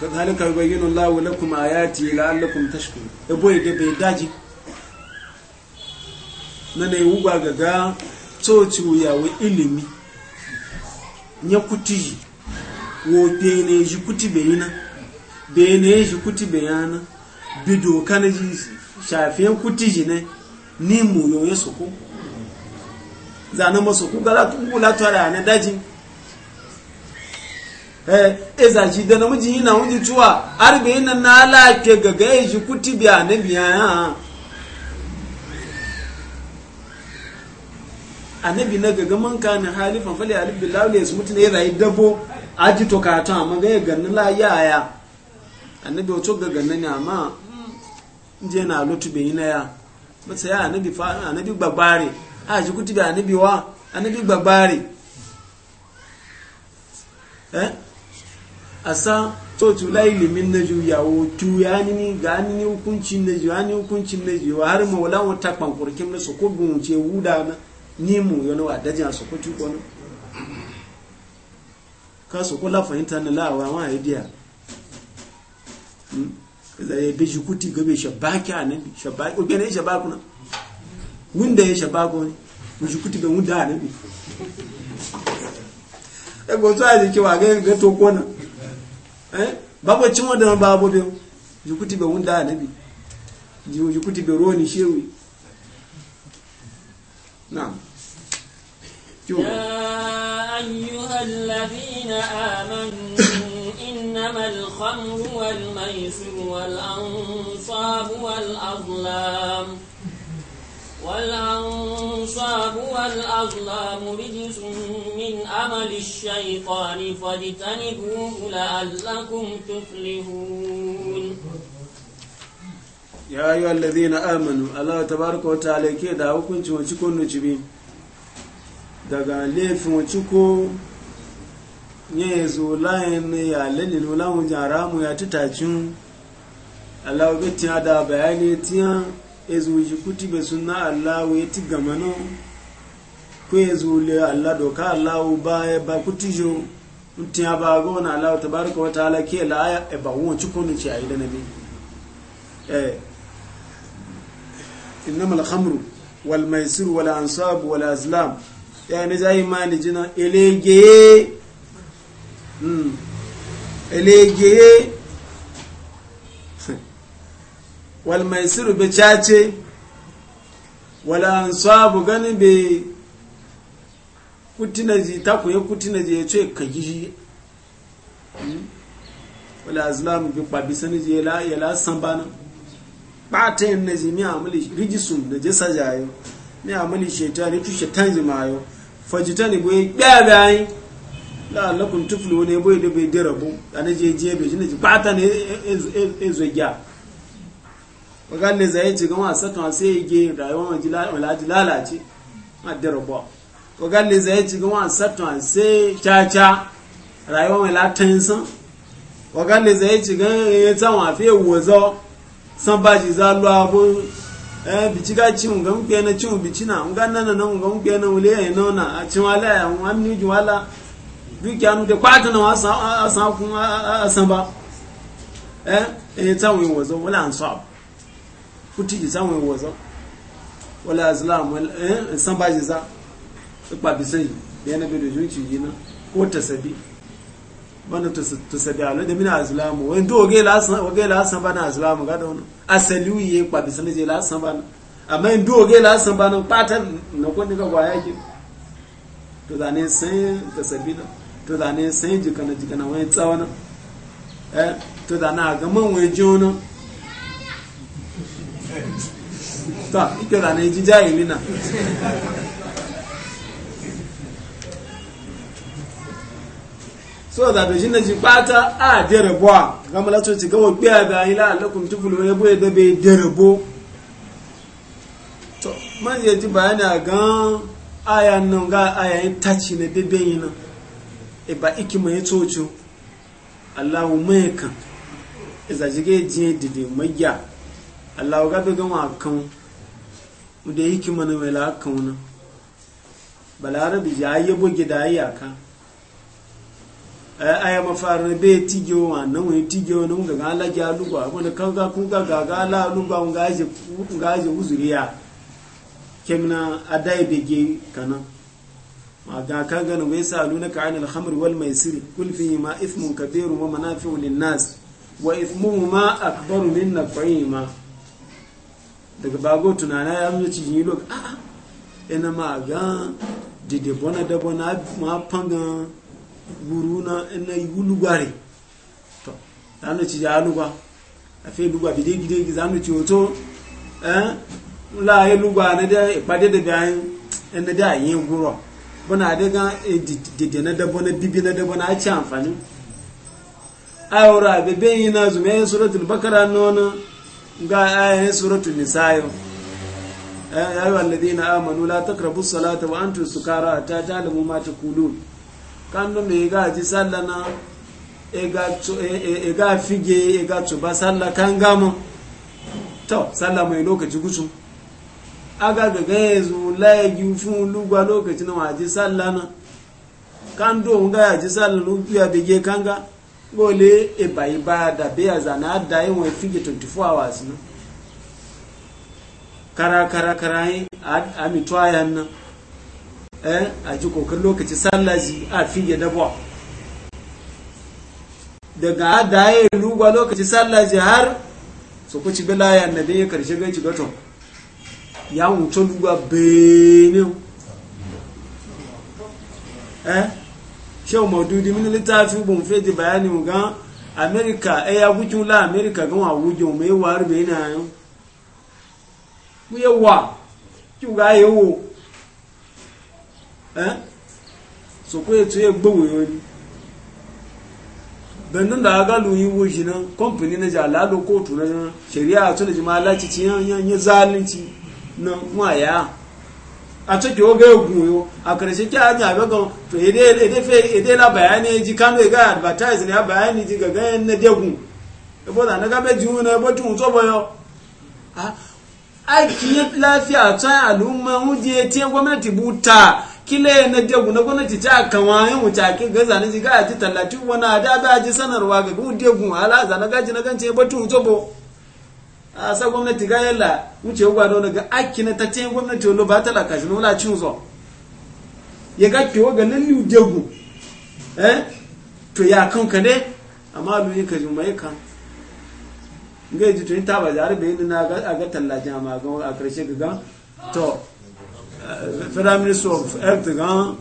kadhalika yubayyinu Allahu lakum ayati la alakum tashkuru e boye da bai daji na na yiwu ba gaga tsoci wuyawa ilimi ya kuti wo bene ji kuti bayina bene ji kuti bayana bi doka na ji shafiyan kuti ji ne ni mu yoyin su ku zanen masu ku gara kula tara na E eza ji da namiji yana wuce cewa arba yana na lafiya gaga ya shi kuti biya ne biya ya annabi na gaga man kana halifan fali alif billahi la yasmutu ne rayi dabo aji to ka ta amma ga ganna la ya annabi wato ga ganna ne amma nje na lutu be ina ya mutsa ya annabi fa annabi gbagbare a ji kuti da annabi wa annabi gbagbare eh asa to tu tula ilimin na juya o tuya nini ga nini hukuncin na juya ni hukuncin na juya har maula wata kwankurkin na su ko gunce wuda na ni mu yana wa dajin a soko ci kwanu ka soko la fahimta na lawa wa idea da ya bi kuti gabe shabaki a nabi shabaki obi ne shabaku na wunda ya shabaku ne mu shi kuti wunda a nabi ya gozo a jiki wa ga ga to kona eh babu cin wadda babu biyu wunda a nabi ji kuti ga يا أيها الذين آمنوا إنما الخمر والميسر والأنصاب والأظلام والأنصاب والأظلام رجس من أمل الشيطان فاجتنبوه لعلكم تفلحون يا أيها الذين آمنوا الله تبارك وتعالى كي دعوكم تشكون نجبين daga laifin ciko ya zo layin ya lalin lawun jara mu ya tutacin tacin ga da bayani tiya ezu ji kuti bai suna Allah ya ti gamano ko zo le Allah doka Allah ba ya ba kuti jo ya ba go na Allah ta baraka wata ke la ya e ba won ci kone ci ayi da nabi eh innamal khamru wal maisir wal ansabu wal azlam ya ni za ni jina elegeye mm elegeye wal maisiru bi chace wal ansabu gani hmm. bi kutina ji ta kuye kutina ji ya ce ka shi wal azlam bi kwabi sani ji la ya la san bana ta yin na ji mi amuli rijisun da jisa jayo mi amuli shetani tu shaitan ji mayo fajitani boye gbẹ́ẹ̀bẹ́ ayin la'allakun tuflu ne boye da bai dira bu a na je je bai jina ji bata ne ezogiya e, e, e magalle zai ci gama sakan sai ya ge rayuwar malaji lalace a dira bu magalle zai ci gama sakan sai caca rayuwar malatan san magalle zai ci gama ya tsawafe wazo san baji za lu abun eh bici ga ci mun ga mun kena ci mun bici na mun na nan nan mun ga mun kena wule ya nona a ci wala ya mun an ni ji wala dukiya mu da kwata na wasa asa kun asan ba e eh, eh tawin wazo wala an sab kuti ji tawin wazo wala islam wala eh san ba ji za ipa e bisai yana bi da zuci yi na ko tasabi bana to sabi alo de mina azlamu en do ge la san ge la san bana azlamu ga don asaliu ye pa bi san je la san bana amma en do ge la san bana patan na ko ni ga waya ki to da ne sai ta sabi na to da ne sai ji kana ji kana wani tsawana eh to da na ga mun wai jona ta ike da ne ji mina so da dojin na jibata a derebo a gama latoci gawa biya da ila alakum tufulu ya boye bai derebo to man ya ji bayani a aya yin taci na bebe yi nan e ba iki mai coco allahu mai kan iza e jige jiye dide magiya allahu kan mu da hikima na kan wani balarabi ya yi bugi da ayyaka aya mafarin be tigiyo wa nan wani tigiyo wani ga ga alaji alugwa wani kan ga kun ga ga ala alugwa ga aje ga aje uzuriya a adai bege kana ma ga kan ga wai sa luna ka ainihin alhamar wal maisir kul fihi ma ka beru ma mana fi wani nas wa ithmuhuma akbar min na ma daga bago tunana ya mu ci yi lok ina ah, ah, ma ga dide bona da bona ma fangan guru na ina lugwa re to zanu ci ja lugwa a fe lugwa bi dai gidai zanu ci oto eh la ye lugwa na da ipade da bayan ina da yin guro bana da ga dede na da bona e bibi na da bona a ci amfani ayora be be ina zume suratul bakara nono ga ayan suratul nisa'i eh, ya ayyuhal ladina amanu la taqrabu as-salata wa antum sukara ta ta'lamu ma taqulun kandu me ga ji sallah na e ga fige e ga tuba sallah kan gamu to sallah mai e lokaci gusu aga gaga yanzu laigi e fun lugwa lokaci na waje sallah na kando ga ya ji sallah lugwa bege kanga gole e bai ba da be zana da yin e wai fige 24 hours na kara kara kara yi a mitwayan nan Eh, a ji kokar lokaci sallaji a fiye dabwa daga hada ya lugwa lokaci sallaji har su kuci bilaya na bai karshe bai ci gaton ya wuce lugwa benin eh shehu maududi mini littafi bun di bayani gan amerika eh ya gukin la amerika gan wa wujin mai war bai na yau ku yawa ki ga yawo sokwe etu ya gbowe wani dandan da agalu yi woji na na jalado kotu na shari'a a tuna jima lacici yan zalunci na nwaya a cikin oge goyo a karshe ki an yabe to ede la bayani ji kano ga advertise ne bayani ji ga gayan na degun ebo da na ji na ebo tun di kile na degu na gwamnati ta kawayen wuce ake gaza na jiga ji tallatin wani da ba ji sanarwa ga gudu degu ala za na gaji na gance batu wuce bo a sa gwamnati ga yalla wuce gwado na ga aki na ta tayin gwamnati wani ba talaka shi nuna cin zo ya ga kewa ga lallu degu eh to ya kan ka ne amma yi ka ji yi kan ga ji tuni ta ba jarabe na ga tallajin amma a karshe ga to federal minister of health gan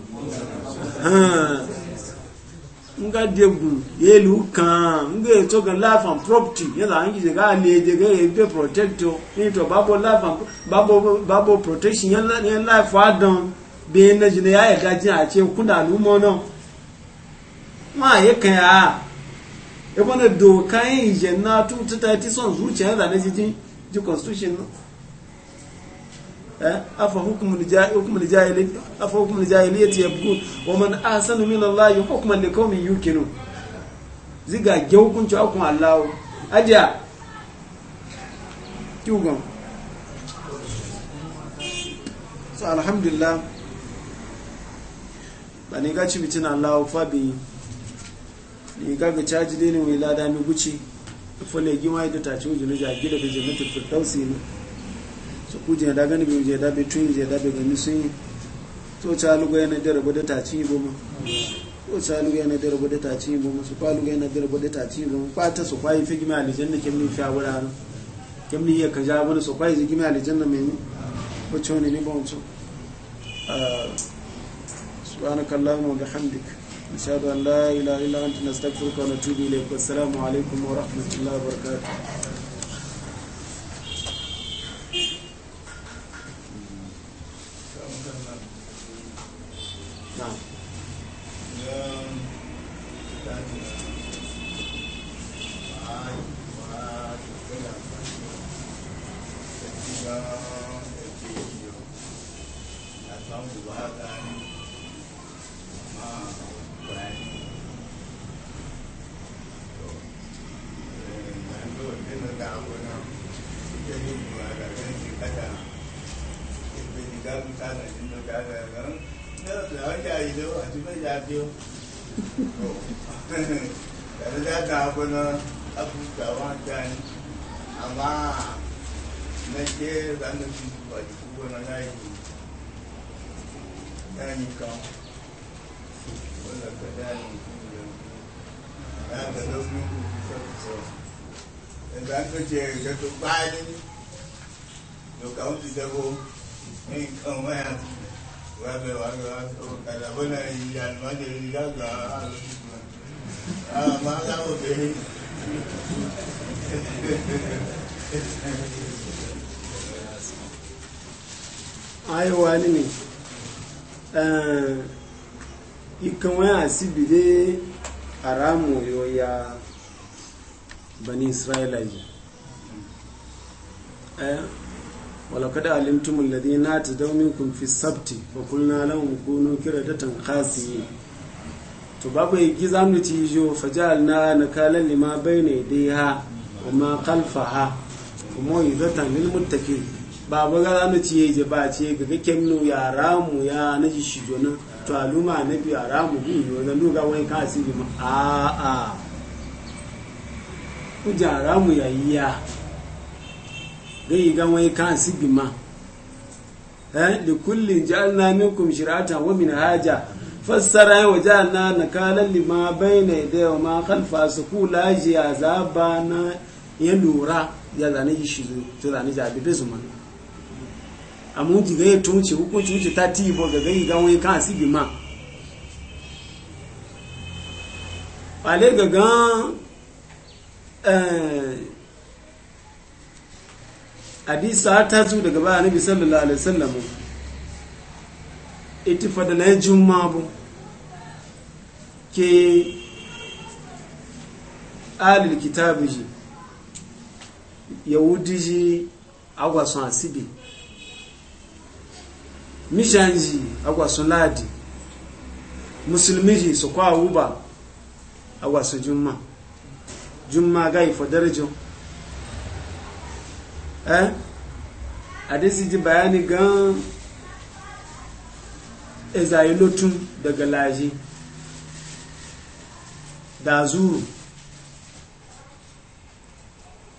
nga debu yelu kan nga eto gan life and property yẹn la anyi ga e be babo life and babo babo protection yẹn la yẹn life adan be na jine ya e gajin a che da lu mo ma ye kan a e do kan yi je na tu ti zuciya da ne jijin ji constitution no Eh? afa hukumul jahil hukumul jahil afa hukumul jahiliyyati yabghun wa man ahsanu min Allah hukman liqaumin yuqinun ziga ge hukunci akun Allah aja kiugon so alhamdulillah bani ga ci bitin Allah fa bi ni ga ga caji dinin wila da mi guci fole gima da ta ci ujulu ja gida da jannatul firdausi ne su kuje da gani biyu je da tun je gani sun to ta lugo yana da rubuta ta ci bo to ta lugo yana da rubuta ta ci bo su kwa lugo yana da rubuta ta ci bo mu ta su kwai fi gima aljanna kin ni fa wura no kin ni ya ja wani su kwai gima aljanna me ni ko wani ne bon سبحانك اللهم وبحمدك نشهد لا نستغفرك ونتوب والسلام عليكم الله وبركاته antum alladhina tadaw minkum fi sabti wa qulna lahum kunu qiradatan khasiyin to babu giza mu ci jo fajalna nakalan lima bayna yadayha wa ma khalfaha kuma idatan lil muttaqin babu ga mu ci je ba ce ga gaken nu ya ramu ya naji shi jona to aluma nabi ya ramu bi yo na nuga wai ka asiri ma a a ku ja ramu ya yiya ga yi ga wai ka asiri ma Eh, likullin kullin ja'alna minkum shir'atan wa minhaja fassara wa ja'alna nakalan lima bayna yadayhi wa ma khalfa sukula na ya lura ya zane ji shizu to zane ji abi bezu man amu ji ga ko ci ci ta ti bo ga ga wani ma ale ga gan eh, hadisa ta zo daga bayan nabi sallallahu alaihi wasallam iti fadalai juma bu ke alil kitabu ji yahudi ji agwasun asibi mishan ji agwasun ladi musulmi ji su kwa uba agwasun juma juma ga ifadar darajin eh hadisi ji bayani gan ezayi lotun daga laji da zuru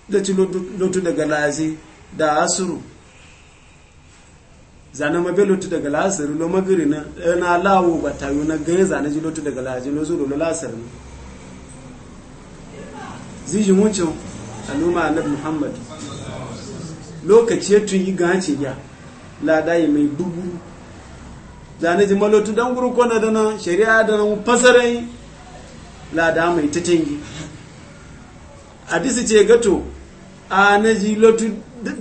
da ci lotu daga laji da asuru zane mabe lotu daga lasari lo magiri na na lawo ba tayo na ganye zane ji lotu daga laji lo zuru lo lasiru zijin wucin al'umma annabi muhammad lokaci ya tun yi ganci ya ya mai dubu zane ji malotu don guru kwana da nan shari'a da nan fasarai lada mai ta tangi a disi ce gato a na ji lotu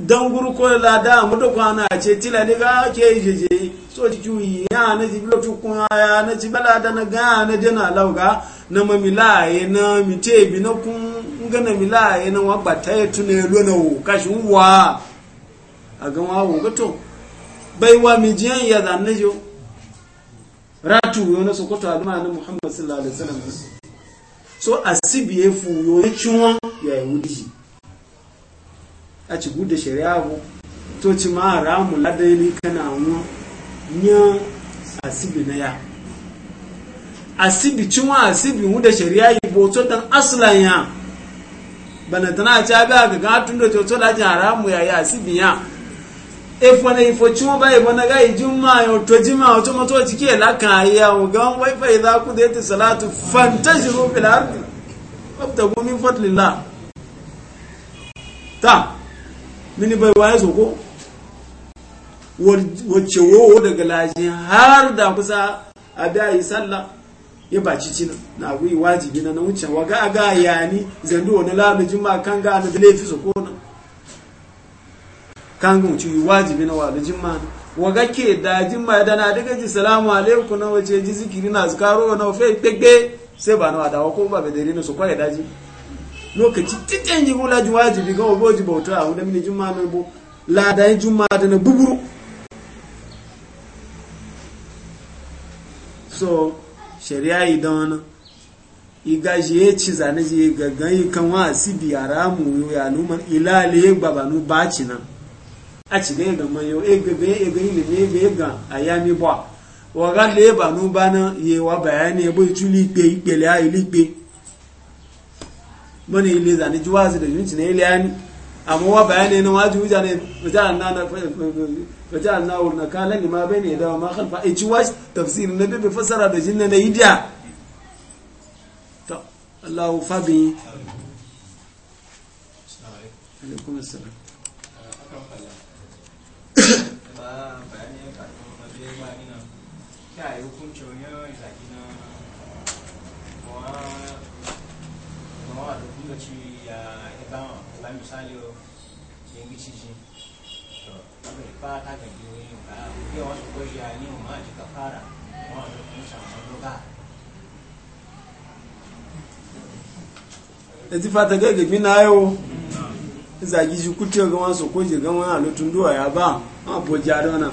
don guru kwana lada a mutu kwana a ce tila ne ga ke yi jeje so ji kiwi ya na ji lotu kuma ya na ji bala da na ga na jana lauga na mamila ya na mitebi na kun gana mila ya na wagbata ya tuna na lona wuwa a gan wawo ga bai baiwa mai jiyan ya zanne jo ratu yo na sokoto alma na muhammad sallallahu alaihi wasallam so asibi e fu yo chiwon ya yudi a ci gude shari'a bu to ci ma ramu ladaili kana mu nya asibi na ya asibi chiwon asibi mu da shari'a yi boto dan aslan ya bana tana ta ba ga tun da to to da haramu ya ya asibi ya efona ifo chumba ibona ga ijuma otojima otoma to chikie la kaya ugan wa fa idha qudiyat salatu fantashiru fil ardi wabtagu min fadlillah ta mini bai waye so ko daga laji har da kusa a da yi sallah ya baci cina na gwi wajibi na na wuce waga ga yani zandu wani labijin ma kan ga da laifi su kangun ci wajibi na wa wala jimma wa gake da jimma da na daga ji salamu alaikum na wace ji zikiri na azkaro na fe gbegbe sai ba na wada wa ko ba be dare su kwaye daji lokaci titan yi wala ji wajibi ga oboji bauta a da mini jimma na bo la da jimma da na buburu so shari'a idan iga shi ya ci zane shi gaggan yi kan wa asibi a ramu ya numan ilale ya gbabanu baci nan a ci gani da mayo e gaga ya gani da ga a ya ba wa ga le ba nu ba na ye wa bayani ya bai tuli ikpele a ili ikpe mana ile zane ji wazi da yunci ne ile yani amma wa bayani na waji wuja ne fajan na na fajan na wurna kalan ni ma bai ne da ma khalfa e ci wazi tafsir na bebe fasara da jinna na idiya to Allah alaikum wa bayani ya kafin maje ba ina kiyaye hukuncin yawan zaki na kuma wato kun da ci ya ita ba misali to ba ta ga ba yau wasu gwaji ya ni ma fara kuma zagi shi kuti ga wasu ko ji gama a lutun duwa ya ba a boji a dona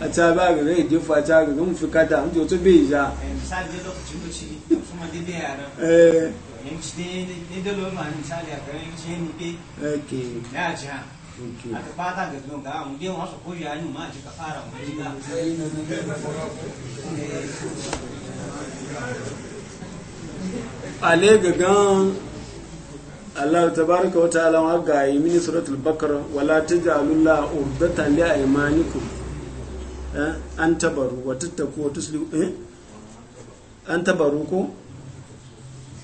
a ta ba ga rai jefa ta ga gamu fi kata an jotu bai ja eh, misali lokacin da ci kuma dai yara eh yanci ne ne da lo ma misali a garin ce ni be okay ya ji ha a ta fata ga zuwa ga mu je wasu ko ya ni ma ji ka fara mu ji ga ale ga gan Allah tabaraka wa ta'ala wa ga yi mini suratul bakara wala taj'alu la urdatan li aymanikum eh, an tabaru wa tattaku wa Eh? an tabaru ko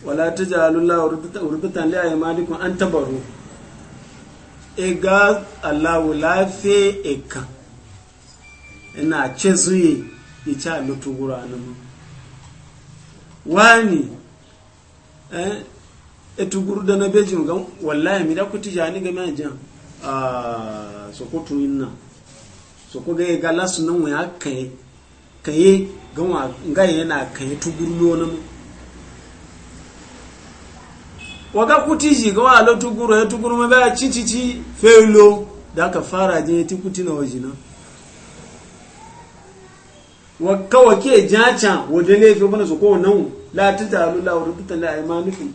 wala taj'alu la urdatan li aymanikum an tabaru e ga Allah la fe e ka. ina ce zuye yi e ta lutu guranin wani eh etu guru da na bejin gan wallahi mi da ku tijani ga mai jan a ah, sokoto inna soko ga ga lasu nan ya kai kai ga wa ga yana kai tu guru lo nan wa ga ku ji ga wa lo tu guru ya tu guru ma ba ci ci ci felo da ka fara je ti kuti na na wa kawake jacha wa dole fi bana soko nan la ta talu la wa rubuta la aymanukum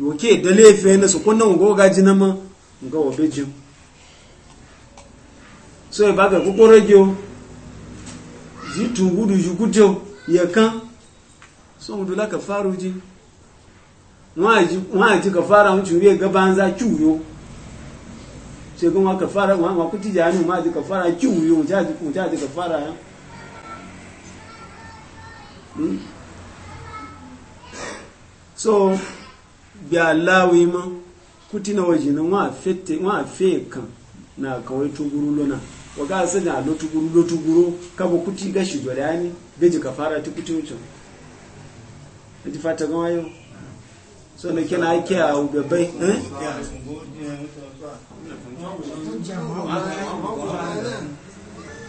woke da laifi na su kunnan goga ji na ma ga obe ji so ya e baga kokoro ji o ji tungudu ji kujo ya kan so mu dula faru ji wa ji ka fara mu ci ga banza kiwo sai kuma e ka fara wa ku ti jani ma ji ka fara kiwo mu ta ji ku ji ya hmm? so bi alawi ma kuti na waje na wa fete wa fe kan na kawai tuguru lona wa ga sai da lo tuguru lo tuguru ka bo kuti ga shi gore ani beji ka fara ti kuti wucin ji fata ga wayo so ne kina ake a ube bai eh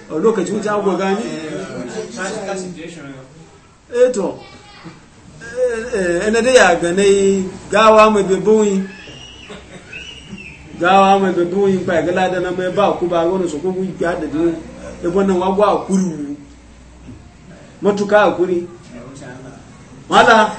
a lokacin wuce agwa gani? eto ina da ya ganai gawa mai bebuwi gawa mai bebuwi ba ga lada na ba ku ba wani su kogu ya wagwa a kuri matuka a kuri mala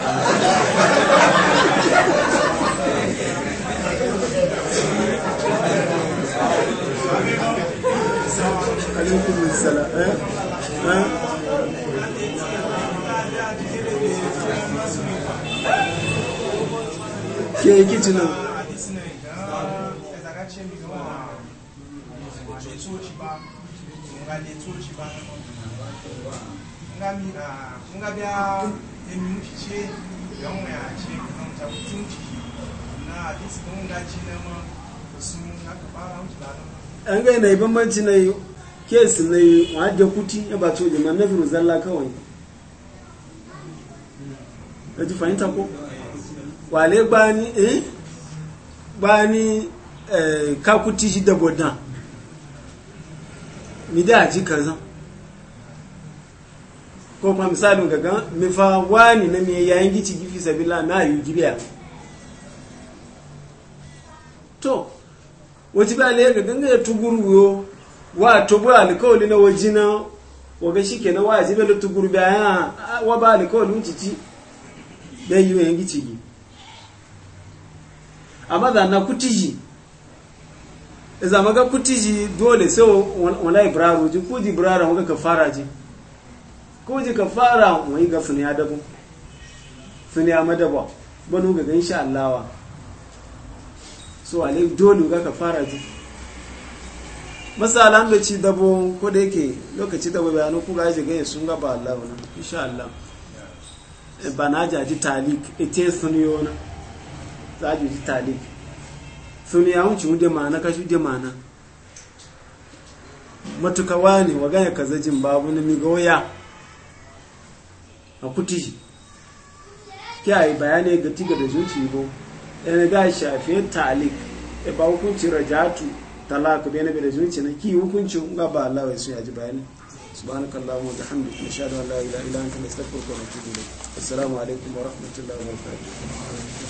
ke kicinan an gai na yi bambanci na yi kesi na yi wajen kuti ya ba coje ma na zalla kawai ya ji fahimta ko? wale gbani eh gbani eh kakuti shi da bodan mi da ji kaza ko kuma misalin gaga mi fa wani na mi yayin gici gifi sabila na yi gibiya to wati ba le gaga ya tuguruyo wa tubu alkawli na wajina wa waga shikenan wa ajibe tuguru bayan wa ba alkawli mun cici dai yi yayin gici amma da na kutiji e za maga kutiji dole sai wani ibraru ji kuji ibraru ka fara ji kuji fara wani ga suniya dabu suniya madaba banu ga gan sha Allah wa so ale dole ga fara ji misalan an ci dabo ko da yake lokaci dabo bayanu ku ga gaya sun ga ba Allah wa insha Allah e bana jaji talik ite e suniyona za a juji talib sun ya wuce wude ma'ana kashi wude ma'ana matuka wani wa gaya kaza jin babu na mi goya a kuti kiyaye bayanai ga tiga da zuci ko yana ga shafe talik e ba hukunci rajatu talaka bai na bai da zuci na ki hukunci ga ba Allah wai sun yaji bayani subhanakallahumma wa bihamdika nashhadu an la ilaha illa anta nastaghfiruka wa natubu ilayk assalamu alaikum wa rahmatullahi wa barakatuh